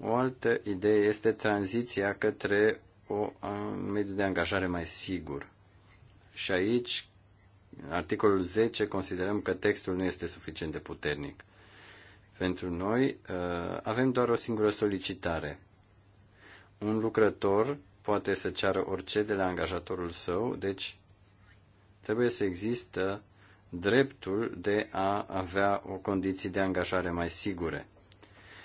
O altă idee este tranziția către o, un mediu de angajare mai sigur. Și aici, articolul 10, considerăm că textul nu este suficient de puternic. Pentru noi, uh, avem doar o singură solicitare. Un lucrător poate să ceară orice de la angajatorul său, deci Trebuie să există dreptul de a avea o condiție de angajare mai sigure.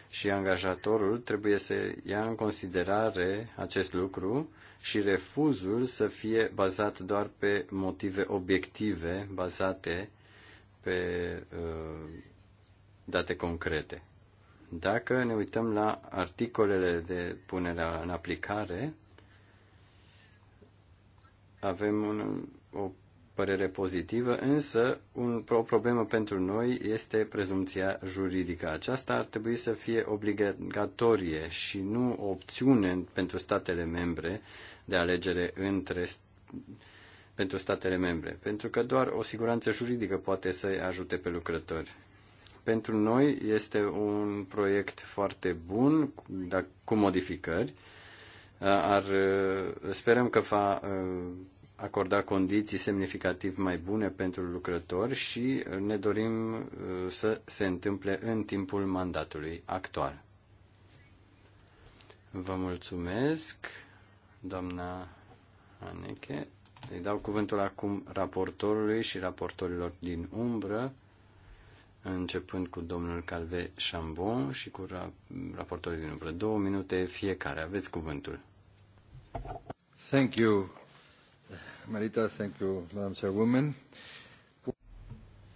Și angajatorul trebuie să ia în considerare acest lucru și refuzul să fie bazat doar pe motive obiective, bazate pe uh, date concrete. Dacă ne uităm la articolele de punere în aplicare, avem un, o părere pozitivă, însă un, o problemă pentru noi este prezumția juridică. Aceasta ar trebui să fie obligatorie și nu o opțiune pentru statele membre de alegere între pentru statele membre, pentru că doar o siguranță juridică poate să-i ajute pe lucrători. Pentru noi este un proiect foarte bun, dar cu modificări. Ar, sperăm că va acorda condiții semnificativ mai bune pentru lucrători și uh, ne dorim uh, să se întâmple în timpul mandatului actual. Vă mulțumesc, doamna Aneche. Îi dau cuvântul acum raportorului și raportorilor din umbră, începând cu domnul Calve Chambon și cu raportorii din umbră. Două minute fiecare. Aveți cuvântul. Thank you, Marita, thank you, Madam Chairwoman.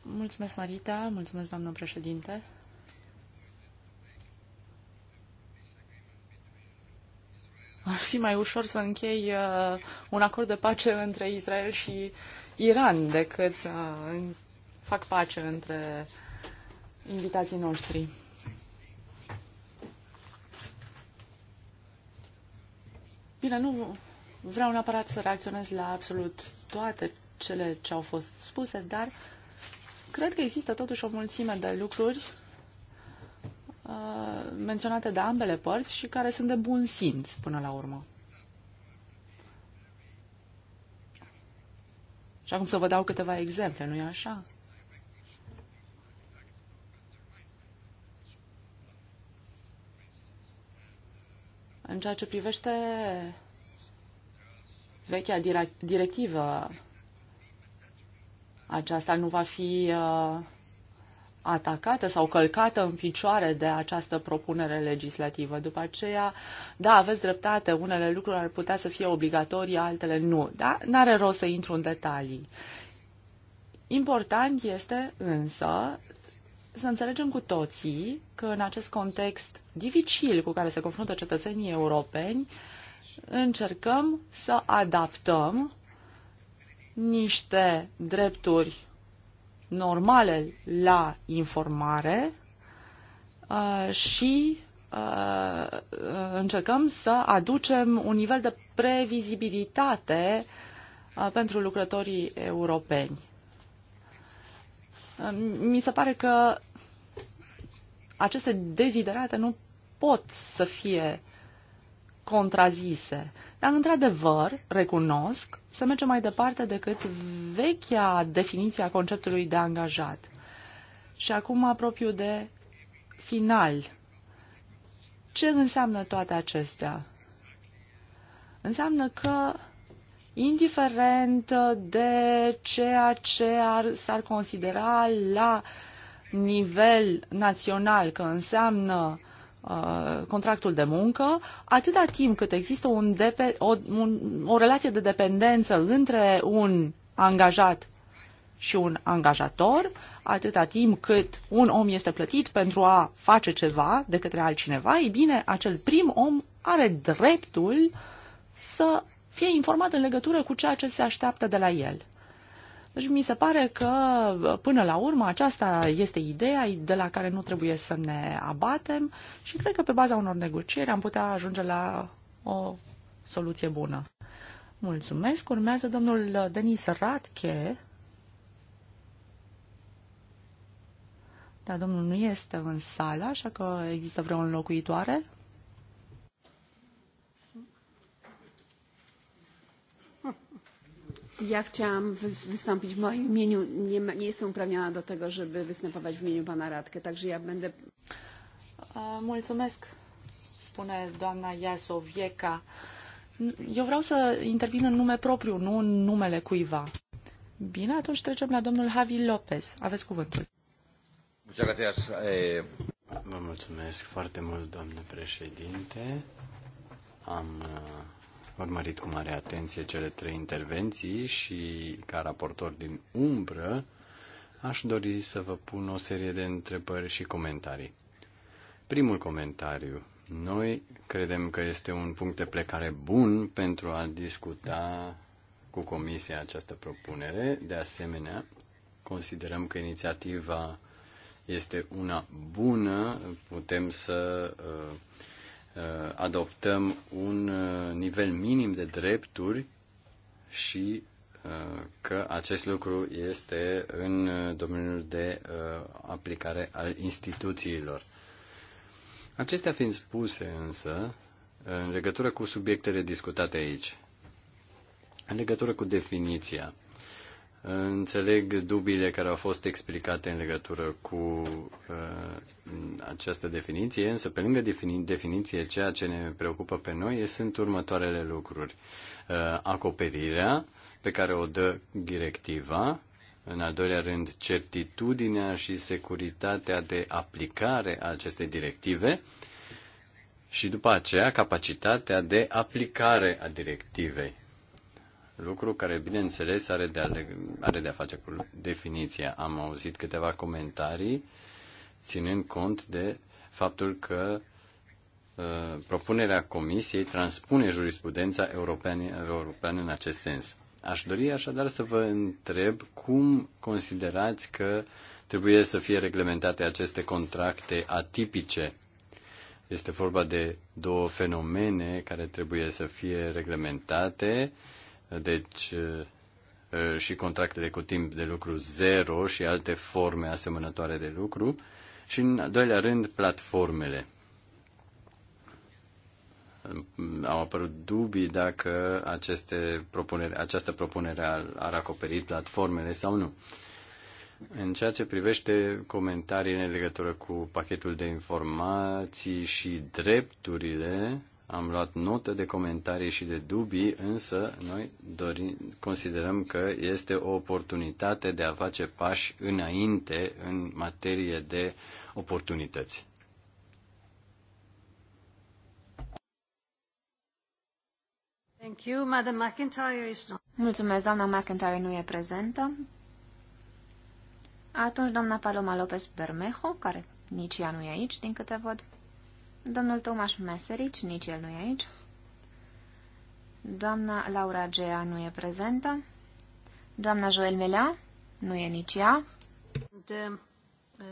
Mulțumesc, Marita. Mulțumesc, doamnă președinte. Ar fi mai ușor să închei uh, un acord de pace între Israel și Iran decât să uh, fac pace între invitații noștri. Bine, nu, Vreau neapărat să reacționez la absolut toate cele ce au fost spuse, dar cred că există totuși o mulțime de lucruri uh, menționate de ambele părți și care sunt de bun simț până la urmă. Și acum să vă dau câteva exemple, nu-i așa? În ceea ce privește vechea directivă aceasta nu va fi uh, atacată sau călcată în picioare de această propunere legislativă. După aceea, da, aveți dreptate, unele lucruri ar putea să fie obligatorii, altele nu. Da? N-are rost să intru în detalii. Important este însă să înțelegem cu toții că în acest context dificil cu care se confruntă cetățenii europeni, uh, încercăm să adaptăm niște drepturi normale la informare uh, și uh, încercăm să aducem un nivel de previzibilitate uh, pentru lucrătorii europeni. Mi se pare că aceste deziderate nu pot să fie contrazise. Dar, într-adevăr, recunosc, să merge mai departe decât vechea definiție a conceptului de angajat. Și acum apropiu de final. Ce înseamnă toate acestea? Înseamnă că, indiferent de ceea ce ar, s-ar considera la nivel național, că înseamnă uh, Uh, contractul de muncă, atâta timp cât există un o, un, o relație de dependență între un angajat și un angajator, atâta timp cât un om este plătit pentru a face ceva de către altcineva, ei bine, acel prim om are dreptul să fie informat în legătură cu ceea ce se așteaptă de la el. Deci mi se pare că, până la urmă, aceasta este ideea de la care nu trebuie să ne abatem și cred că pe baza unor negocieri am putea ajunge la o soluție bună. Mulțumesc. Urmează domnul Denis Ratche. Da, domnul nu este în sală, așa că există vreo înlocuitoare. Ja chciałam wy wystąpić w moim imieniu. Nie, nie jestem uprawniona do tego, żeby występować w imieniu pana Radkę, także ja będę... Mulțumesc, spune doamna Vieca, Eu vreau să intervin în nume propriu, nu în numele cuiva. Bine, atunci trecem la domnul Javi Lopez. Aveți cuvântul. Eh. Vă mulțumesc foarte mult, doamnă președinte. Am uh, urmărit cu mare atenție cele trei intervenții și ca raportor din umbră aș dori să vă pun o serie de întrebări și comentarii. Primul comentariu. Noi credem că este un punct de plecare bun pentru a discuta cu Comisia această propunere. De asemenea, considerăm că inițiativa este una bună, putem să uh, Uh, adoptăm un uh, nivel minim de drepturi și uh, că acest lucru este în domeniul de aplicare al instituțiilor. Acestea fiind spuse însă, în legătură cu subiectele discutate aici, în legătură cu definiția, Înțeleg dubiile care au fost explicate în legătură cu uh, această definiție, însă pe lângă defini- definiție, ceea ce ne preocupă pe noi sunt următoarele lucruri. Uh, acoperirea pe care o dă directiva, în al doilea rând certitudinea și securitatea de aplicare a acestei directive și după aceea capacitatea de aplicare a directivei lucru care, bineînțeles, are de-a, are de-a face cu definiția. Am auzit câteva comentarii ținând cont de faptul că uh, propunerea Comisiei transpune jurisprudența europeană în acest sens. Aș dori așadar să vă întreb cum considerați că trebuie să fie reglementate aceste contracte atipice. Este vorba de două fenomene care trebuie să fie reglementate deci și contractele cu timp de lucru zero și alte forme asemănătoare de lucru și în al doilea rând platformele. Au apărut dubii dacă aceste propunere, această propunere ar acoperi platformele sau nu. În ceea ce privește comentariile în legătură cu pachetul de informații și drepturile, am luat notă de comentarii și de dubii, însă noi dorim, considerăm că este o oportunitate de a face pași înainte în materie de oportunități. Mulțumesc, doamna McIntyre nu e prezentă. Atunci doamna Paloma López Bermejo, care nici ea nu e aici, din câte văd. Domnul Tomaș Meserici, nici el nu e aici. Doamna Laura Gea nu e prezentă. Doamna Joel Melea nu e nici ea. And, uh, uh,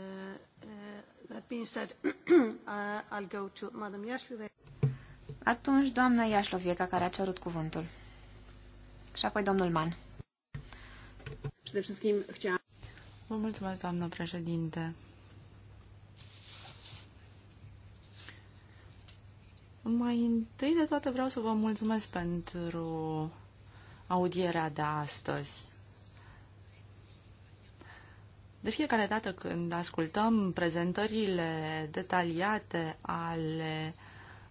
that being said, I'll go to Madam Atunci doamna Iașlovieca care a cerut cuvântul. Și apoi domnul Man. Vă mulțumesc, doamnă președinte. Mai întâi de toate vreau să vă mulțumesc pentru audierea de astăzi. De fiecare dată când ascultăm prezentările detaliate ale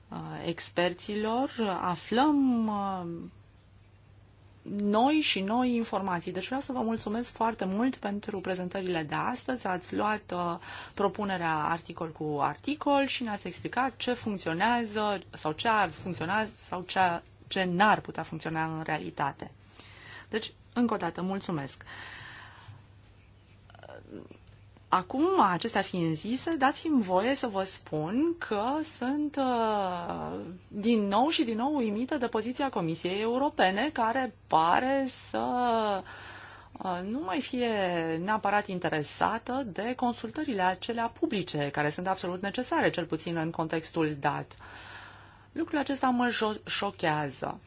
uh, experților, aflăm uh, noi și noi informații. Deci vreau să vă mulțumesc foarte mult pentru prezentările de astăzi. Ați luat uh, propunerea articol cu articol și ne-ați explicat ce funcționează sau ce ar funcționa sau ce, ce n-ar putea funcționa în realitate. Deci, încă o dată, mulțumesc Acum, acestea fiind zise, dați-mi voie să vă spun că sunt uh, din nou și din nou uimită de poziția Comisiei Europene, care pare să uh, nu mai fie neapărat interesată de consultările acelea publice, care sunt absolut necesare, cel puțin în contextul dat. Uh, Lucrul acesta mă șochează.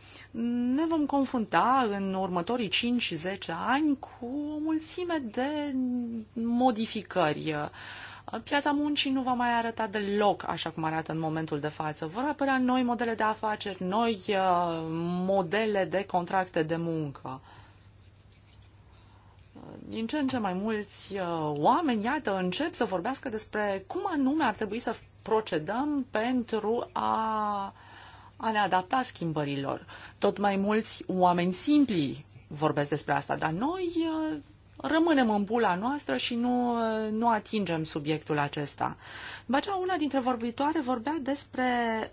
Ne vom confrunta în următorii 5-10 ani cu o mulțime de modificări. Piața muncii nu va mai arăta deloc așa cum arată în momentul de față. Vor apărea noi modele de afaceri, noi uh, modele de contracte de muncă din ce în ce mai mulți uh, oameni, iată, încep să vorbească despre cum anume ar trebui să procedăm pentru a, a ne adapta schimbărilor. Tot mai mulți oameni simpli vorbesc despre asta, dar noi uh, rămânem în bula noastră și nu, uh, nu atingem subiectul acesta. După aceea, una dintre vorbitoare vorbea despre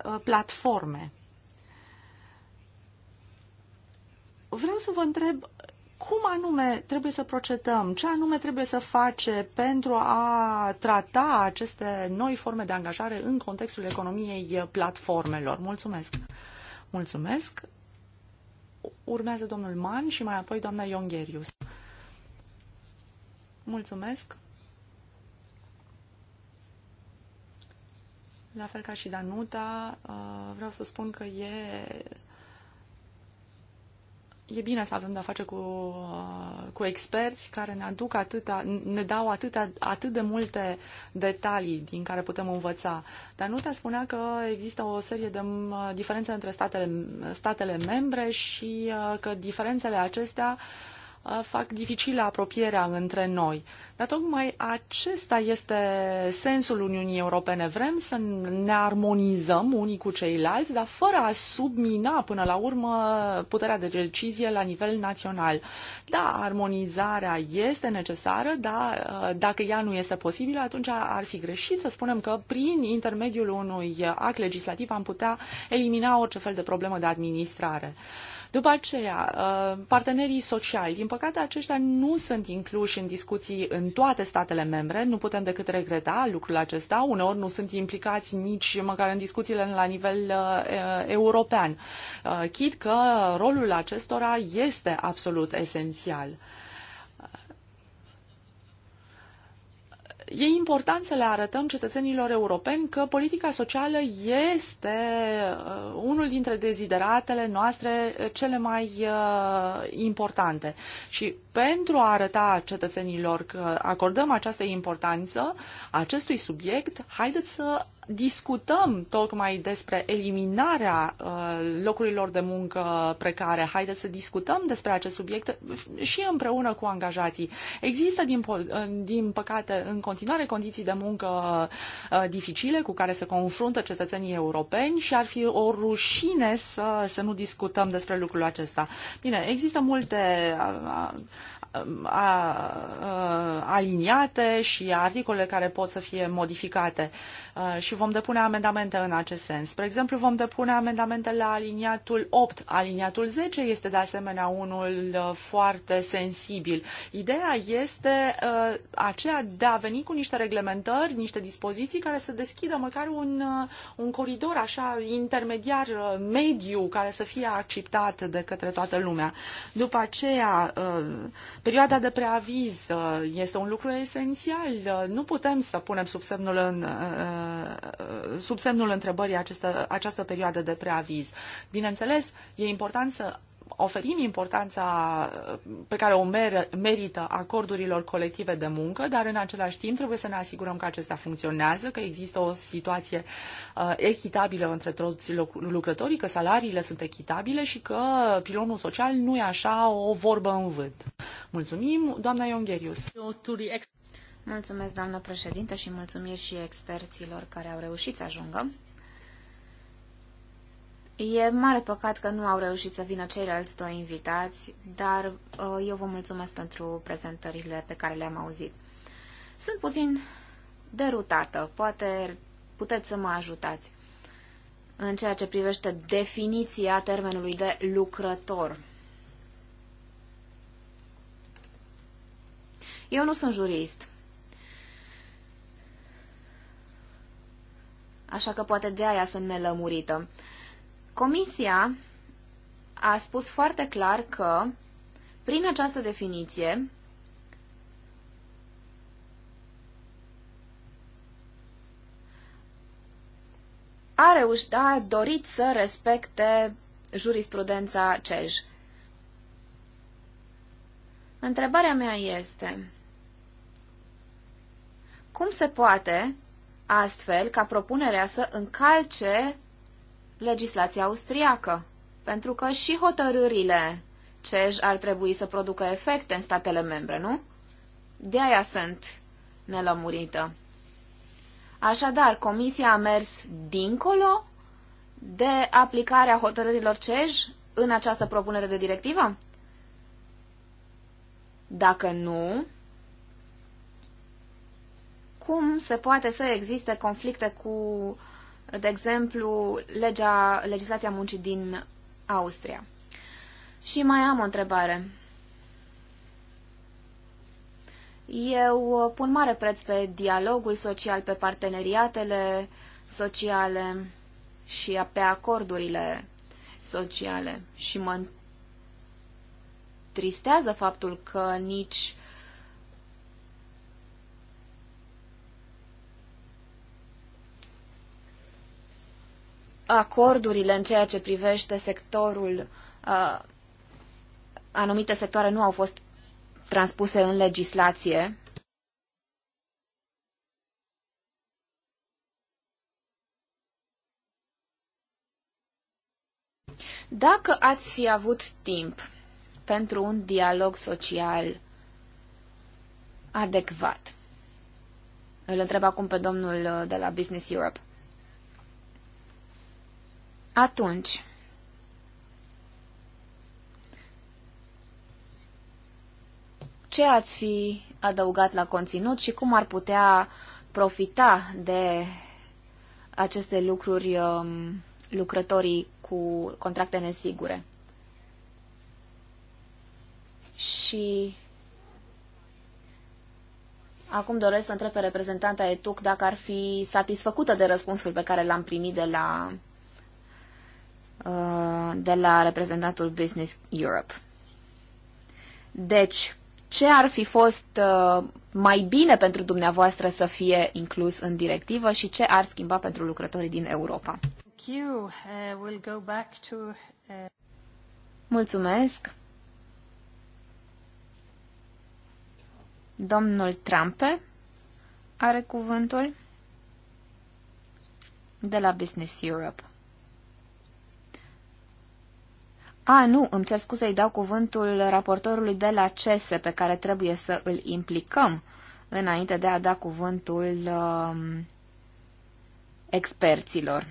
uh, platforme. Vreau să vă întreb cum anume trebuie să procedăm, ce anume trebuie să face pentru a trata aceste noi forme de angajare în contextul economiei platformelor. Mulțumesc! Mulțumesc! Urmează domnul Man și mai apoi doamna Iongherius. Mulțumesc! La fel ca și Danuta, uh, vreau să spun că e e bine să avem de-a face cu, uh, cu experți care ne aduc atâta, ne dau atâta, atât de multe detalii din care putem învăța. Dar nu te spunea că există o serie de uh, diferențe între statele, statele membre și uh, că diferențele acestea uh, fac dificilă apropierea între noi. Dar tocmai acesta este sensul Uniunii Europene. Vrem să ne armonizăm unii cu ceilalți, dar fără a submina până la urmă puterea de decizie la nivel național. Da, armonizarea este necesară, dar dacă ea nu este posibilă, atunci ar fi greșit să spunem că prin intermediul unui act legislativ am putea elimina orice fel de problemă de administrare. După aceea, uh, partenerii sociali, din păcate aceștia nu sunt incluși în discuții în toate statele membre, nu putem decât regreta lucrul acesta, uneori nu sunt implicați nici măcar în discuțiile la nivel uh, european. Uh, chit că rolul acestora este absolut esențial. E important să le arătăm cetățenilor europeni că politica socială este uh, unul dintre dezideratele noastre uh, cele mai uh, importante și pentru a arăta cetățenilor că acordăm această importanță acestui subiect, haideți să discutăm tocmai despre eliminarea uh, locurilor de muncă precare. Haideți să discutăm despre acest subiect și împreună cu angajații. Există, din, uh, din păcate, în continuare condiții de muncă uh, dificile cu care se confruntă cetățenii europeni și ar fi o rușine să, să nu discutăm despre lucrul acesta. Bine, există multe a, aliniate și articole care pot să fie modificate și vom depune amendamente în acest sens. Spre exemplu, vom depune amendamente la aliniatul 8. Aliniatul 10 este de asemenea unul uh, foarte sensibil. Ideea este uh, aceea de a veni cu niște reglementări, niște dispoziții care să deschidă măcar un, uh, un coridor așa intermediar mediu care să fie acceptat de către toată lumea. După aceea, Perioada de preaviz uh, este un lucru esențial. Uh, nu putem să punem sub semnul, în, uh, sub semnul întrebării această, această perioadă de preaviz. Bineînțeles, e important să oferim importanța uh, pe care o merită acordurilor colective de muncă, dar în același timp trebuie să ne asigurăm că acestea funcționează, că există o situație uh, echitabilă între toți lucrătorii, că salariile sunt echitabile și că pilonul social nu e așa o vorbă în vânt. Mulțumim, doamna Iongherius. Mulțumesc, doamnă președintă și mulțumiri și experților care au reușit să ajungă. E mare păcat că nu au reușit să vină ceilalți doi invitați, dar uh, eu vă mulțumesc pentru prezentările pe care le-am auzit. Sunt puțin derutată, poate puteți să mă ajutați în ceea ce privește definiția termenului de lucrător. Eu nu sunt jurist. Așa că poate de aia sunt nelămurită. Comisia a spus foarte clar că, prin această definiție, a, reușit, a dorit să respecte jurisprudența CEJ. Întrebarea mea este, cum se poate astfel ca propunerea să încalce legislația austriacă, pentru că și hotărârile CEJ ar trebui să producă efecte în statele membre, nu? De aia sunt nelămurită. Așadar, Comisia a mers dincolo de aplicarea hotărârilor CEJ în această propunere de directivă? Dacă nu, cum se poate să existe conflicte cu de exemplu, legea, legislația muncii din Austria. Și mai am o întrebare. Eu pun mare preț pe dialogul social, pe parteneriatele sociale și pe acordurile sociale și mă tristează faptul că nici acordurile în ceea ce privește sectorul, uh, anumite sectoare nu au fost transpuse în legislație. Dacă ați fi avut timp pentru un dialog social adecvat, îl întreb acum pe domnul uh, de la Business Europe, atunci, ce ați fi adăugat la conținut și cum ar putea profita de aceste lucruri um, lucrătorii cu contracte nesigure? Și acum doresc să întreb pe reprezentanta ETUC dacă ar fi satisfăcută de răspunsul pe care l-am primit de la Uh, de la reprezentantul Business Europe. Deci, ce ar fi fost uh, mai bine pentru dumneavoastră să fie inclus în directivă și ce ar schimba pentru lucrătorii din Europa? Uh, Mulțumesc. Domnul Trampe are cuvântul de la Business Europe. A, nu, îmi cer scuze, îi dau cuvântul raportorului de la CESE pe care trebuie să îl implicăm înainte de a da cuvântul uh, experților.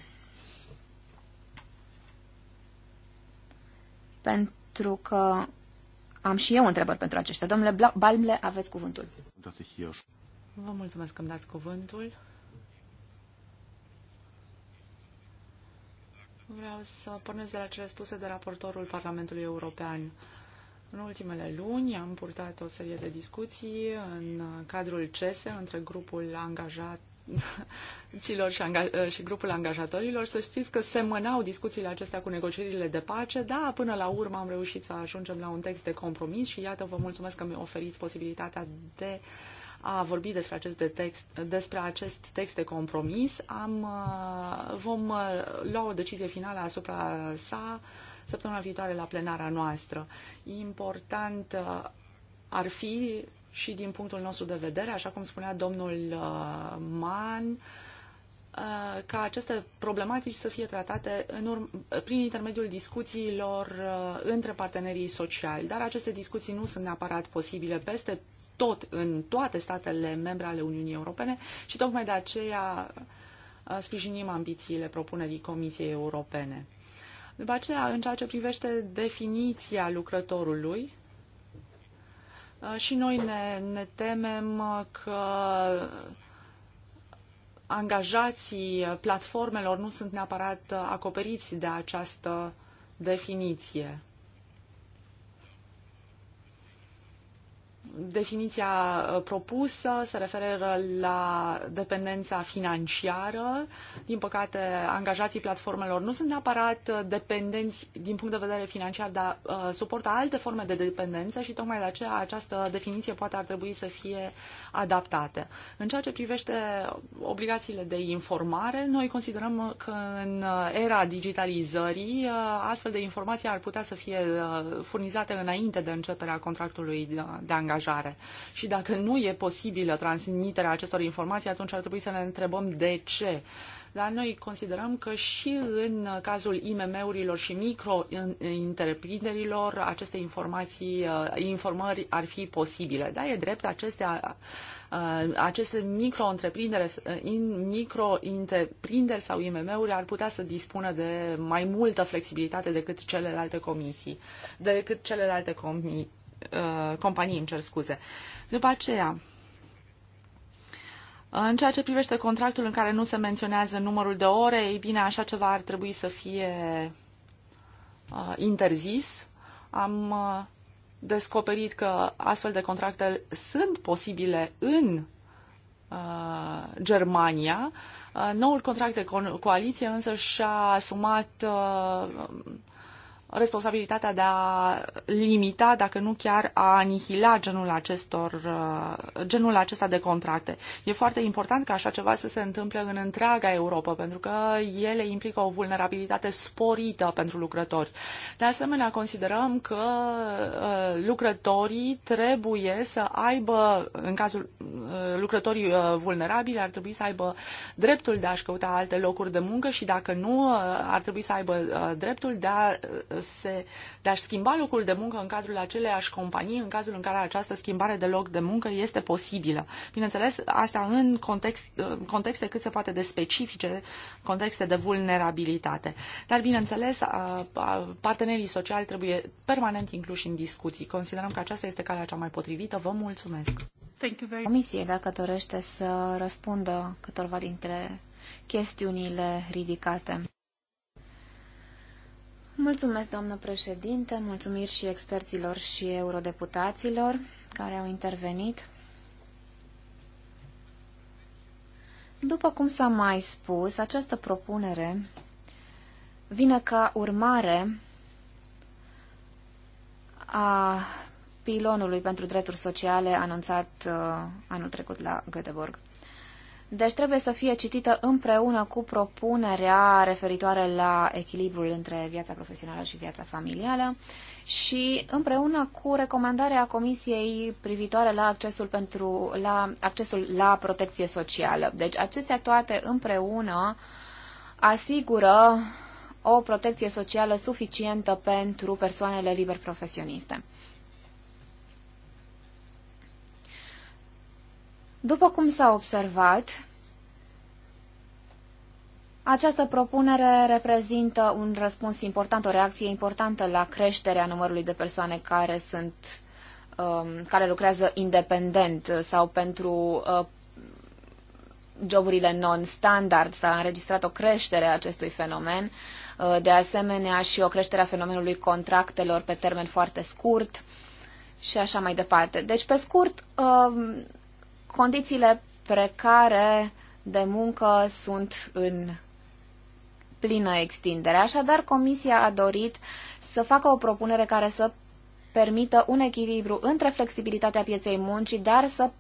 Pentru că am și eu întrebări pentru aceștia. Domnule Balmle, aveți cuvântul. Vă mulțumesc că îmi dați cuvântul. Vreau să pornesc de la cele spuse de raportorul Parlamentului European. În ultimele luni am purtat o serie de discuții în cadrul CESE între grupul angajat ților și, anga- și grupul angajatorilor. Să știți că semănau discuțiile acestea cu negocierile de pace, da, până la urmă am reușit să ajungem la un text de compromis și iată, vă mulțumesc că mi a oferit posibilitatea de uh, a vorbi despre acest, de text, despre acest text de compromis. Am, uh, vom uh, lua o decizie finală asupra sa săptămâna viitoare la plenara noastră. Important uh, ar fi și din punctul nostru de vedere, așa cum spunea domnul Mann, ca aceste problematici să fie tratate în urm- prin intermediul discuțiilor între partenerii sociali. Dar aceste discuții nu sunt neapărat posibile peste tot în toate statele membre ale Uniunii Europene și tocmai de aceea uh, sprijinim ambițiile propunerii Comisiei Europene. După aceea, în ceea ce privește definiția lucrătorului, uh, și noi ne, ne temem că angajații platformelor nu sunt neapărat uh, acoperiți de această definiție. Definiția uh, propusă se referă la dependența financiară. Din păcate, angajații platformelor nu sunt neapărat uh, dependenți din punct de vedere financiar, dar uh, suportă alte forme de dependență și tocmai de aceea această definiție poate ar trebui să fie adaptată. În ceea ce privește obligațiile de informare, noi considerăm că în uh, era digitalizării astfel de informații ar putea să fie furnizate înainte de începerea contractului de angajare angajare. Și dacă nu e posibilă transmiterea acestor informații, atunci ar trebui să ne întrebăm de ce. Dar noi considerăm că și în cazul IMM-urilor și micro-întreprinderilor aceste informații, uh, informări ar fi posibile. Da, e drept, aceste, uh, uh, aceste micro-întreprinderi micro sau IMM-uri ar putea să dispună de mai multă flexibilitate decât celelalte comisii, decât celelalte comi Uh, companii, îmi cer scuze. După aceea, în ceea ce privește contractul în care nu se menționează numărul de ore, ei bine, așa ceva ar trebui să fie uh, interzis. Am uh, descoperit că astfel de contracte sunt posibile în uh, Germania. Uh, noul contract de co- coaliție însă și-a asumat uh, responsabilitatea de a limita, dacă nu chiar a anihila genul, acestor, uh, genul acesta de contracte. E foarte important ca așa ceva să se întâmple în întreaga Europa, pentru că ele implică o vulnerabilitate sporită pentru lucrători. De asemenea, considerăm că uh, lucrătorii trebuie să aibă, în cazul uh, lucrătorii vulnerabili, ar trebui să aibă dreptul de a-și căuta alte locuri de muncă și, dacă nu, ar trebui să aibă dreptul de a se, de a-și schimba locul de muncă în cadrul aceleiași companii, în cazul în care această schimbare de loc de muncă este posibilă. Bineînțeles, asta în context, contexte cât se poate de specifice, contexte de vulnerabilitate. Dar, bineînțeles, partenerii sociali trebuie permanent incluși în discuții. Considerăm că aceasta este calea cea mai potrivită. Vă mulțumesc! Comisie, dacă dorește să răspundă câtorva dintre chestiunile ridicate. Mulțumesc, doamnă președinte, mulțumiri și experților și eurodeputaților care au intervenit. După cum s-a mai spus, această propunere vine ca urmare a pilonului pentru drepturi sociale anunțat uh, anul trecut la Göteborg. Deci trebuie să fie citită împreună cu propunerea referitoare la echilibrul între viața profesională și viața familială și împreună cu recomandarea Comisiei privitoare la accesul, pentru, la, accesul la protecție socială. Deci acestea toate împreună asigură o protecție socială suficientă pentru persoanele liber profesioniste. După cum s-a observat, această propunere reprezintă un răspuns important, o reacție importantă la creșterea numărului de persoane care sunt um, care lucrează independent sau pentru uh, joburile non-standard s-a înregistrat o creștere a acestui fenomen, uh, de asemenea și o creștere a fenomenului contractelor pe termen foarte scurt și așa mai departe. Deci, pe scurt, um, Condițiile precare de muncă sunt în plină extindere. Așadar, Comisia a dorit să facă o propunere care să permită un echilibru între flexibilitatea pieței muncii, dar, să,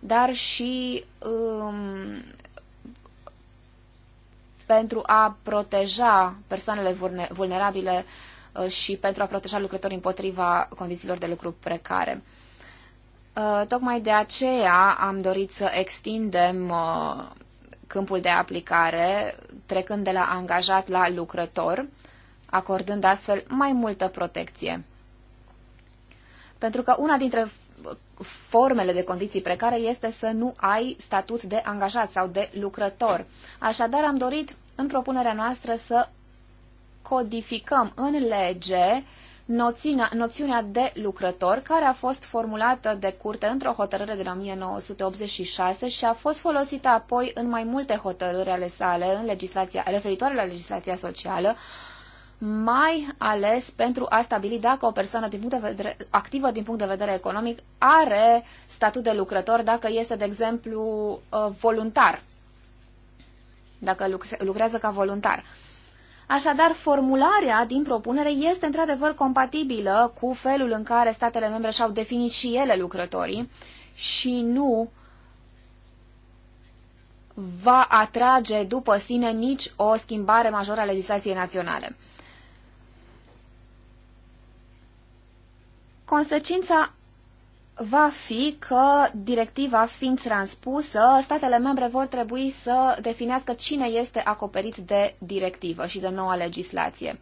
dar și um, pentru a proteja persoanele vulnerabile uh, și pentru a proteja lucrătorii împotriva condițiilor de lucru precare. Uh, tocmai de aceea am dorit să extindem uh, câmpul de aplicare, trecând de la angajat la lucrător, acordând astfel mai multă protecție. Pentru că una dintre formele de condiții precare este să nu ai statut de angajat sau de lucrător. Așadar, am dorit în propunerea noastră să codificăm în lege noțiunea, noțiunea de lucrător, care a fost formulată de curte într-o hotărâre din 1986 și a fost folosită apoi în mai multe hotărâri ale sale în legislația, referitoare la legislația socială, mai ales pentru a stabili dacă o persoană din punct de vedere, activă din punct de vedere economic are statut de lucrător dacă este, de exemplu, uh, voluntar, dacă lucrează ca voluntar. Așadar, formularea din propunere este într-adevăr compatibilă cu felul în care statele membre și-au definit și ele lucrătorii și nu va atrage după sine nici o schimbare majoră a legislației naționale. Consecința va fi că directiva fiind transpusă, statele membre vor trebui să definească cine este acoperit de directivă și de noua legislație.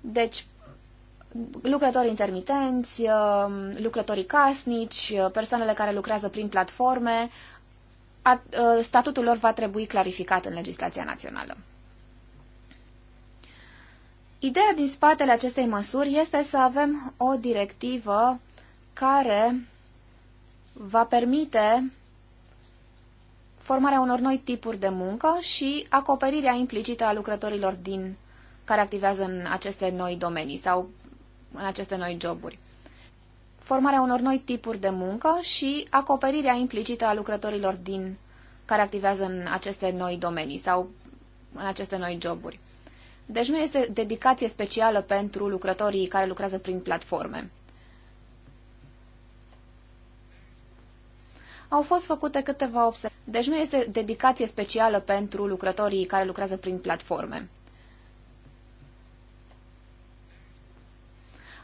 Deci, lucrători intermitenți, um, lucrătorii casnici, persoanele care lucrează prin platforme, uh, statutul lor va trebui clarificat în legislația națională. Ideea din spatele acestei măsuri este să avem o directivă care va permite formarea unor noi tipuri de muncă și acoperirea implicită a lucrătorilor din care activează în aceste noi domenii sau în aceste noi joburi. Formarea unor noi tipuri de muncă și acoperirea implicită a lucrătorilor din care activează în aceste noi domenii sau în aceste noi joburi. Deci nu este dedicație specială pentru lucrătorii care lucrează prin platforme. Au fost făcute câteva observații. Deci nu este dedicație specială pentru lucrătorii care lucrează prin platforme.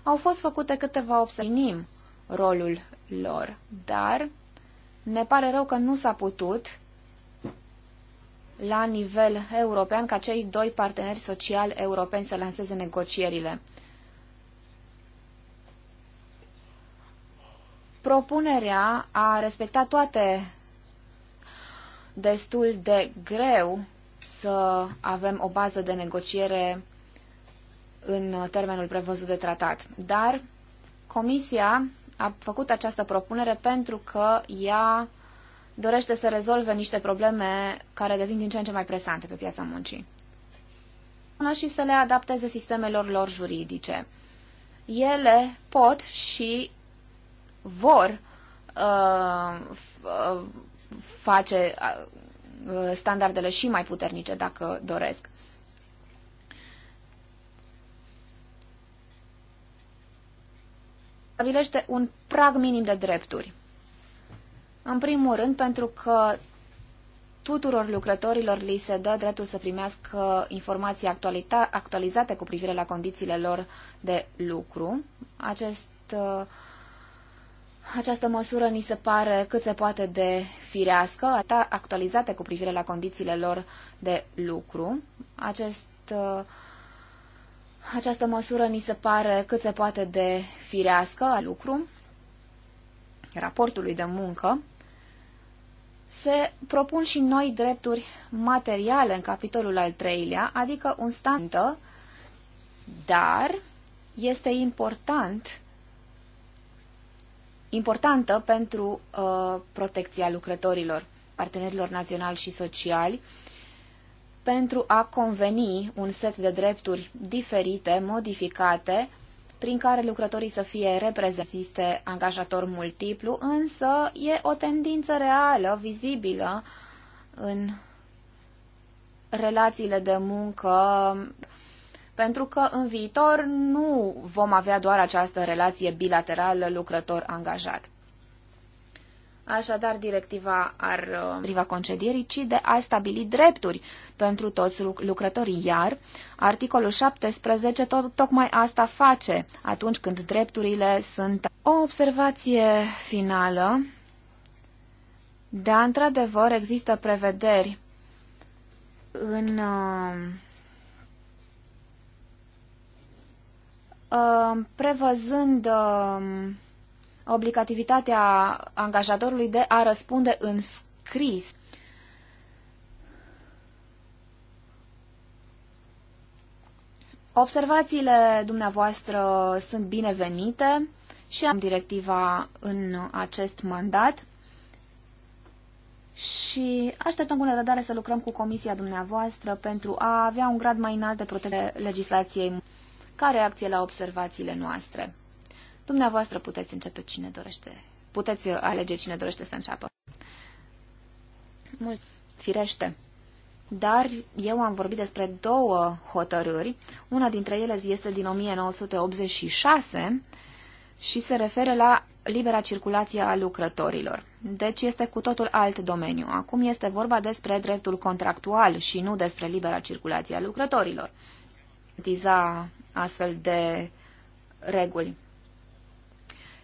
Au fost făcute câteva observații rolul lor, dar ne pare rău că nu s-a putut la nivel european ca cei doi parteneri sociali europeni să lanseze negocierile. Propunerea a respectat toate destul de greu să avem o bază de negociere în termenul prevăzut de tratat. Dar Comisia a făcut această propunere pentru că ea dorește să rezolve niște probleme care devin din ce în ce mai presante pe piața muncii până și să le adapteze sistemelor lor juridice. Ele pot și vor uh, uh face uh, standardele și mai puternice dacă doresc. Stabilește un prag minim de drepturi. În primul rând, pentru că tuturor lucrătorilor li se dă dreptul să primească informații actualizate cu privire la condițiile lor de lucru. Acest, uh, această măsură ni se pare cât se poate de firească, actualizate cu privire la condițiile lor de lucru. Acest, uh, această măsură ni se pare cât se poate de firească a lucru, raportului de muncă, se propun și noi drepturi materiale în capitolul al treilea, adică un standă, dar este important importantă pentru uh, protecția lucrătorilor, partenerilor naționali și sociali, pentru a conveni un set de drepturi diferite, modificate, prin care lucrătorii să fie reprezentiste angajator multiplu, însă e o tendință reală, vizibilă în relațiile de muncă, pentru că în viitor nu vom avea doar această relație bilaterală lucrător-angajat. Așadar, directiva ar uh, priva concedierii, ci de a stabili drepturi pentru toți lucrătorii. Iar articolul 17 tot, tocmai asta face atunci când drepturile sunt. O observație finală. Da, într-adevăr, există prevederi în uh, uh prevăzând uh, obligativitatea angajatorului de a răspunde în scris Observațiile dumneavoastră sunt binevenite și am directiva în acest mandat și așteptăm cu nerăbdare să lucrăm cu comisia dumneavoastră pentru a avea un grad mai înalt de protecție legislației. Ca reacție la observațiile noastre. Dumneavoastră puteți începe cine dorește. Puteți alege cine dorește să înceapă. Mult. Firește. Dar eu am vorbit despre două hotărâri. Una dintre ele este din 1986 și se referă la libera circulație a lucrătorilor. Deci este cu totul alt domeniu. Acum este vorba despre dreptul contractual și nu despre libera circulație a lucrătorilor. Tiza astfel de reguli.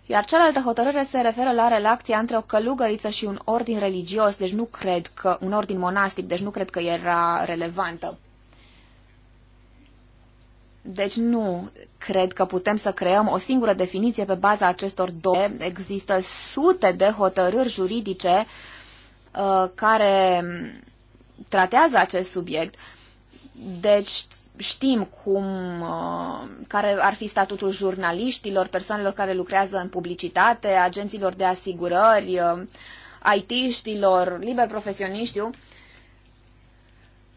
Iar cealaltă hotărâre se referă la relația între o călugăriță și un ordin religios, deci nu cred că, un ordin monastic, deci nu cred că era relevantă. Deci nu cred că putem să creăm o singură definiție pe baza acestor două. Există sute de hotărâri juridice uh, care tratează acest subiect. Deci știm cum, uh, care ar fi statutul jurnaliștilor, persoanelor care lucrează în publicitate, agenților de asigurări, uh, IT-știlor, liber profesioniștiu.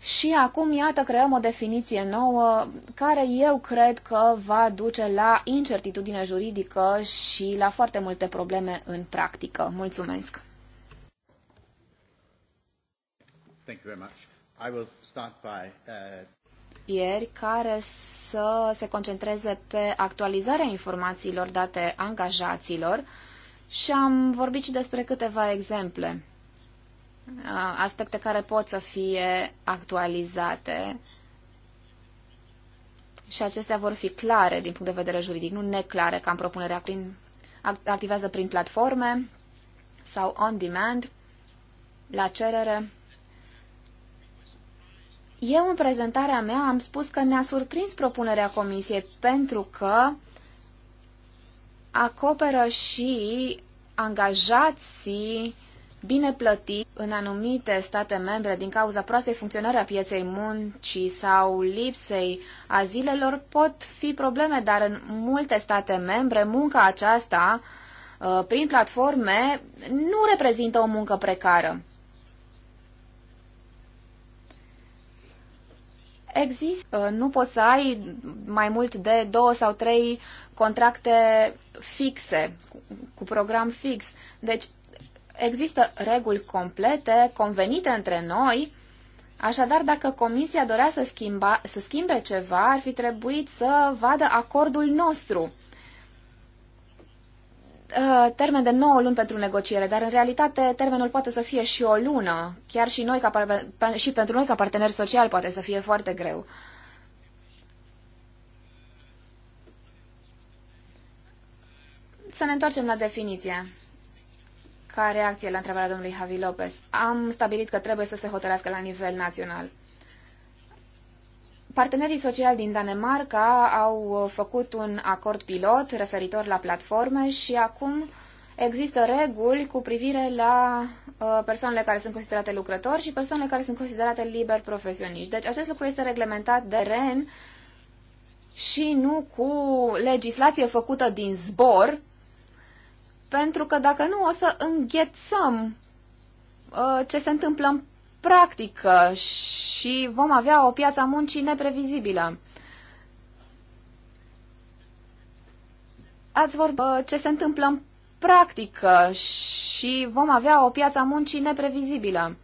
Și acum, iată, creăm o definiție nouă care eu cred că va duce la incertitudine juridică și la foarte multe probleme în practică. Mulțumesc! Thank you very much. I will start by, uh ieri care să se concentreze pe actualizarea informațiilor date angajaților și am vorbit și despre câteva exemple, uh, aspecte care pot să fie actualizate și acestea vor fi clare din punct de vedere juridic, nu neclare, ca în propunerea prin, activează prin platforme sau on demand, la cerere. Eu în prezentarea mea am spus că ne-a surprins propunerea comisiei pentru că acoperă și angajații bine plătiți în anumite state membre din cauza proastei funcționări a pieței muncii sau lipsei azilelor pot fi probleme, dar în multe state membre munca aceasta uh, prin platforme nu reprezintă o muncă precară. Există, uh, nu poți să ai mai mult de două sau trei contracte fixe, cu program fix. Deci există reguli complete, convenite între noi, Așadar, dacă comisia dorea să, schimba, să schimbe ceva, ar fi trebuit să vadă acordul nostru. Uh, termen de 9 luni pentru negociere, dar în realitate termenul poate să fie și o lună. Chiar și, noi, ca, și pentru noi ca parteneri social poate să fie foarte greu. Să ne întoarcem la definiție. Ca reacție la întrebarea domnului Javi Lopez, am stabilit că trebuie să se hotărească la nivel național. Partenerii sociali din Danemarca au uh, făcut un acord pilot referitor la platforme și acum există reguli cu privire la uh, persoanele care sunt considerate lucrători și persoanele care sunt considerate liber profesioniști. Deci acest lucru este reglementat de REN și nu cu legislație făcută din zbor, pentru că dacă nu o să înghețăm uh, ce se întâmplă în practică și vom avea o piață a muncii neprevizibilă. Ați vorbit uh, ce se întâmplă în practică și vom avea o piață a muncii neprevizibilă.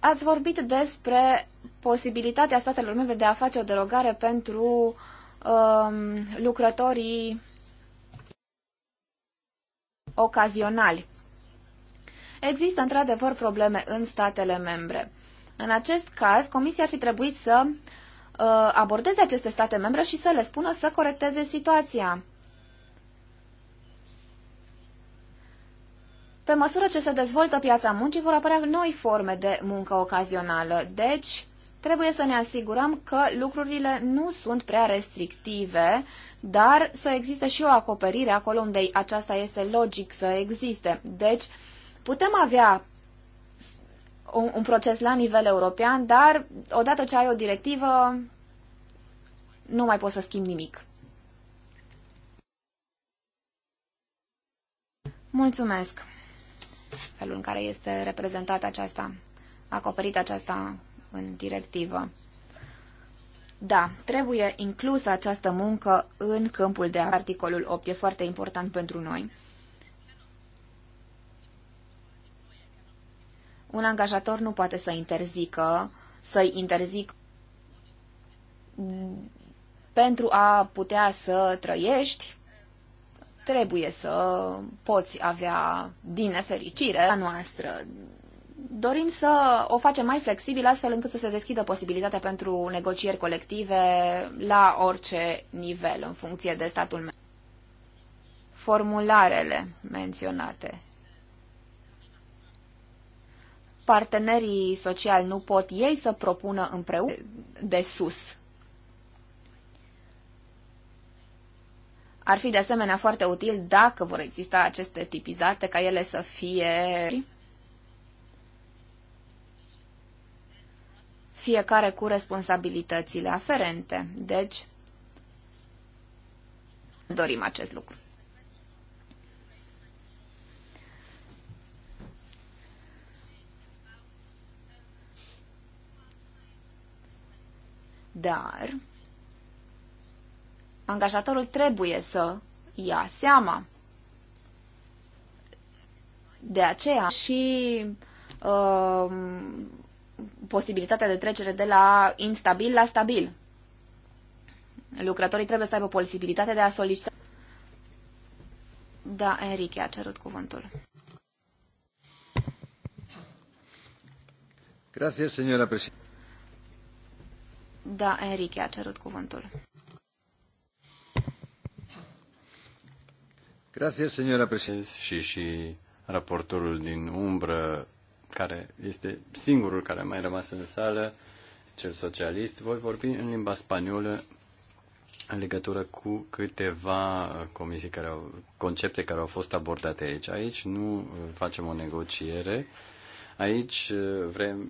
Ați vorbit despre posibilitatea statelor membre de a face o derogare pentru um, lucrătorii ocazionali. Există într-adevăr probleme în statele membre. În acest caz, Comisia ar fi trebuit să uh, abordeze aceste state membre și să le spună să corecteze situația. Pe măsură ce se dezvoltă piața muncii, vor apărea noi forme de muncă ocazională. Deci, trebuie să ne asigurăm că lucrurile nu sunt prea restrictive, dar să existe și o acoperire acolo unde aceasta este logic să existe. Deci, Putem avea un, un proces la nivel european, dar odată ce ai o directivă, nu mai poți să schimbi nimic. Mulțumesc! Felul în care este reprezentată aceasta, acoperit aceasta în directivă. Da, trebuie inclusă această muncă în câmpul de articolul 8. E foarte important pentru noi. un angajator nu poate să interzică, să-i interzic pentru a putea să trăiești, trebuie să poți avea, din nefericire, a noastră. Dorim să o facem mai flexibil, astfel încât să se deschidă posibilitatea pentru negocieri colective la orice nivel, în funcție de statul meu. Formularele menționate partenerii sociali nu pot ei să propună împreună de sus. Ar fi de asemenea foarte util dacă vor exista aceste tipizate ca ele să fie fiecare cu responsabilitățile aferente. Deci, dorim acest lucru. dar angajatorul trebuie să ia seama. De aceea și uh, posibilitatea de trecere de la instabil la stabil. Lucrătorii trebuie să aibă posibilitatea de a solicita. Da, Enrique a cerut cuvântul. Gracias, señora presidenta. Da, Enrique a cerut cuvântul. Gracias, señora presidente. Și, și raportorul din umbră, care este singurul care a mai rămas în sală, cel socialist, voi vorbi în limba spaniolă în legătură cu câteva comisii care au, concepte care au fost abordate aici. Aici nu facem o negociere, aici eh, vrem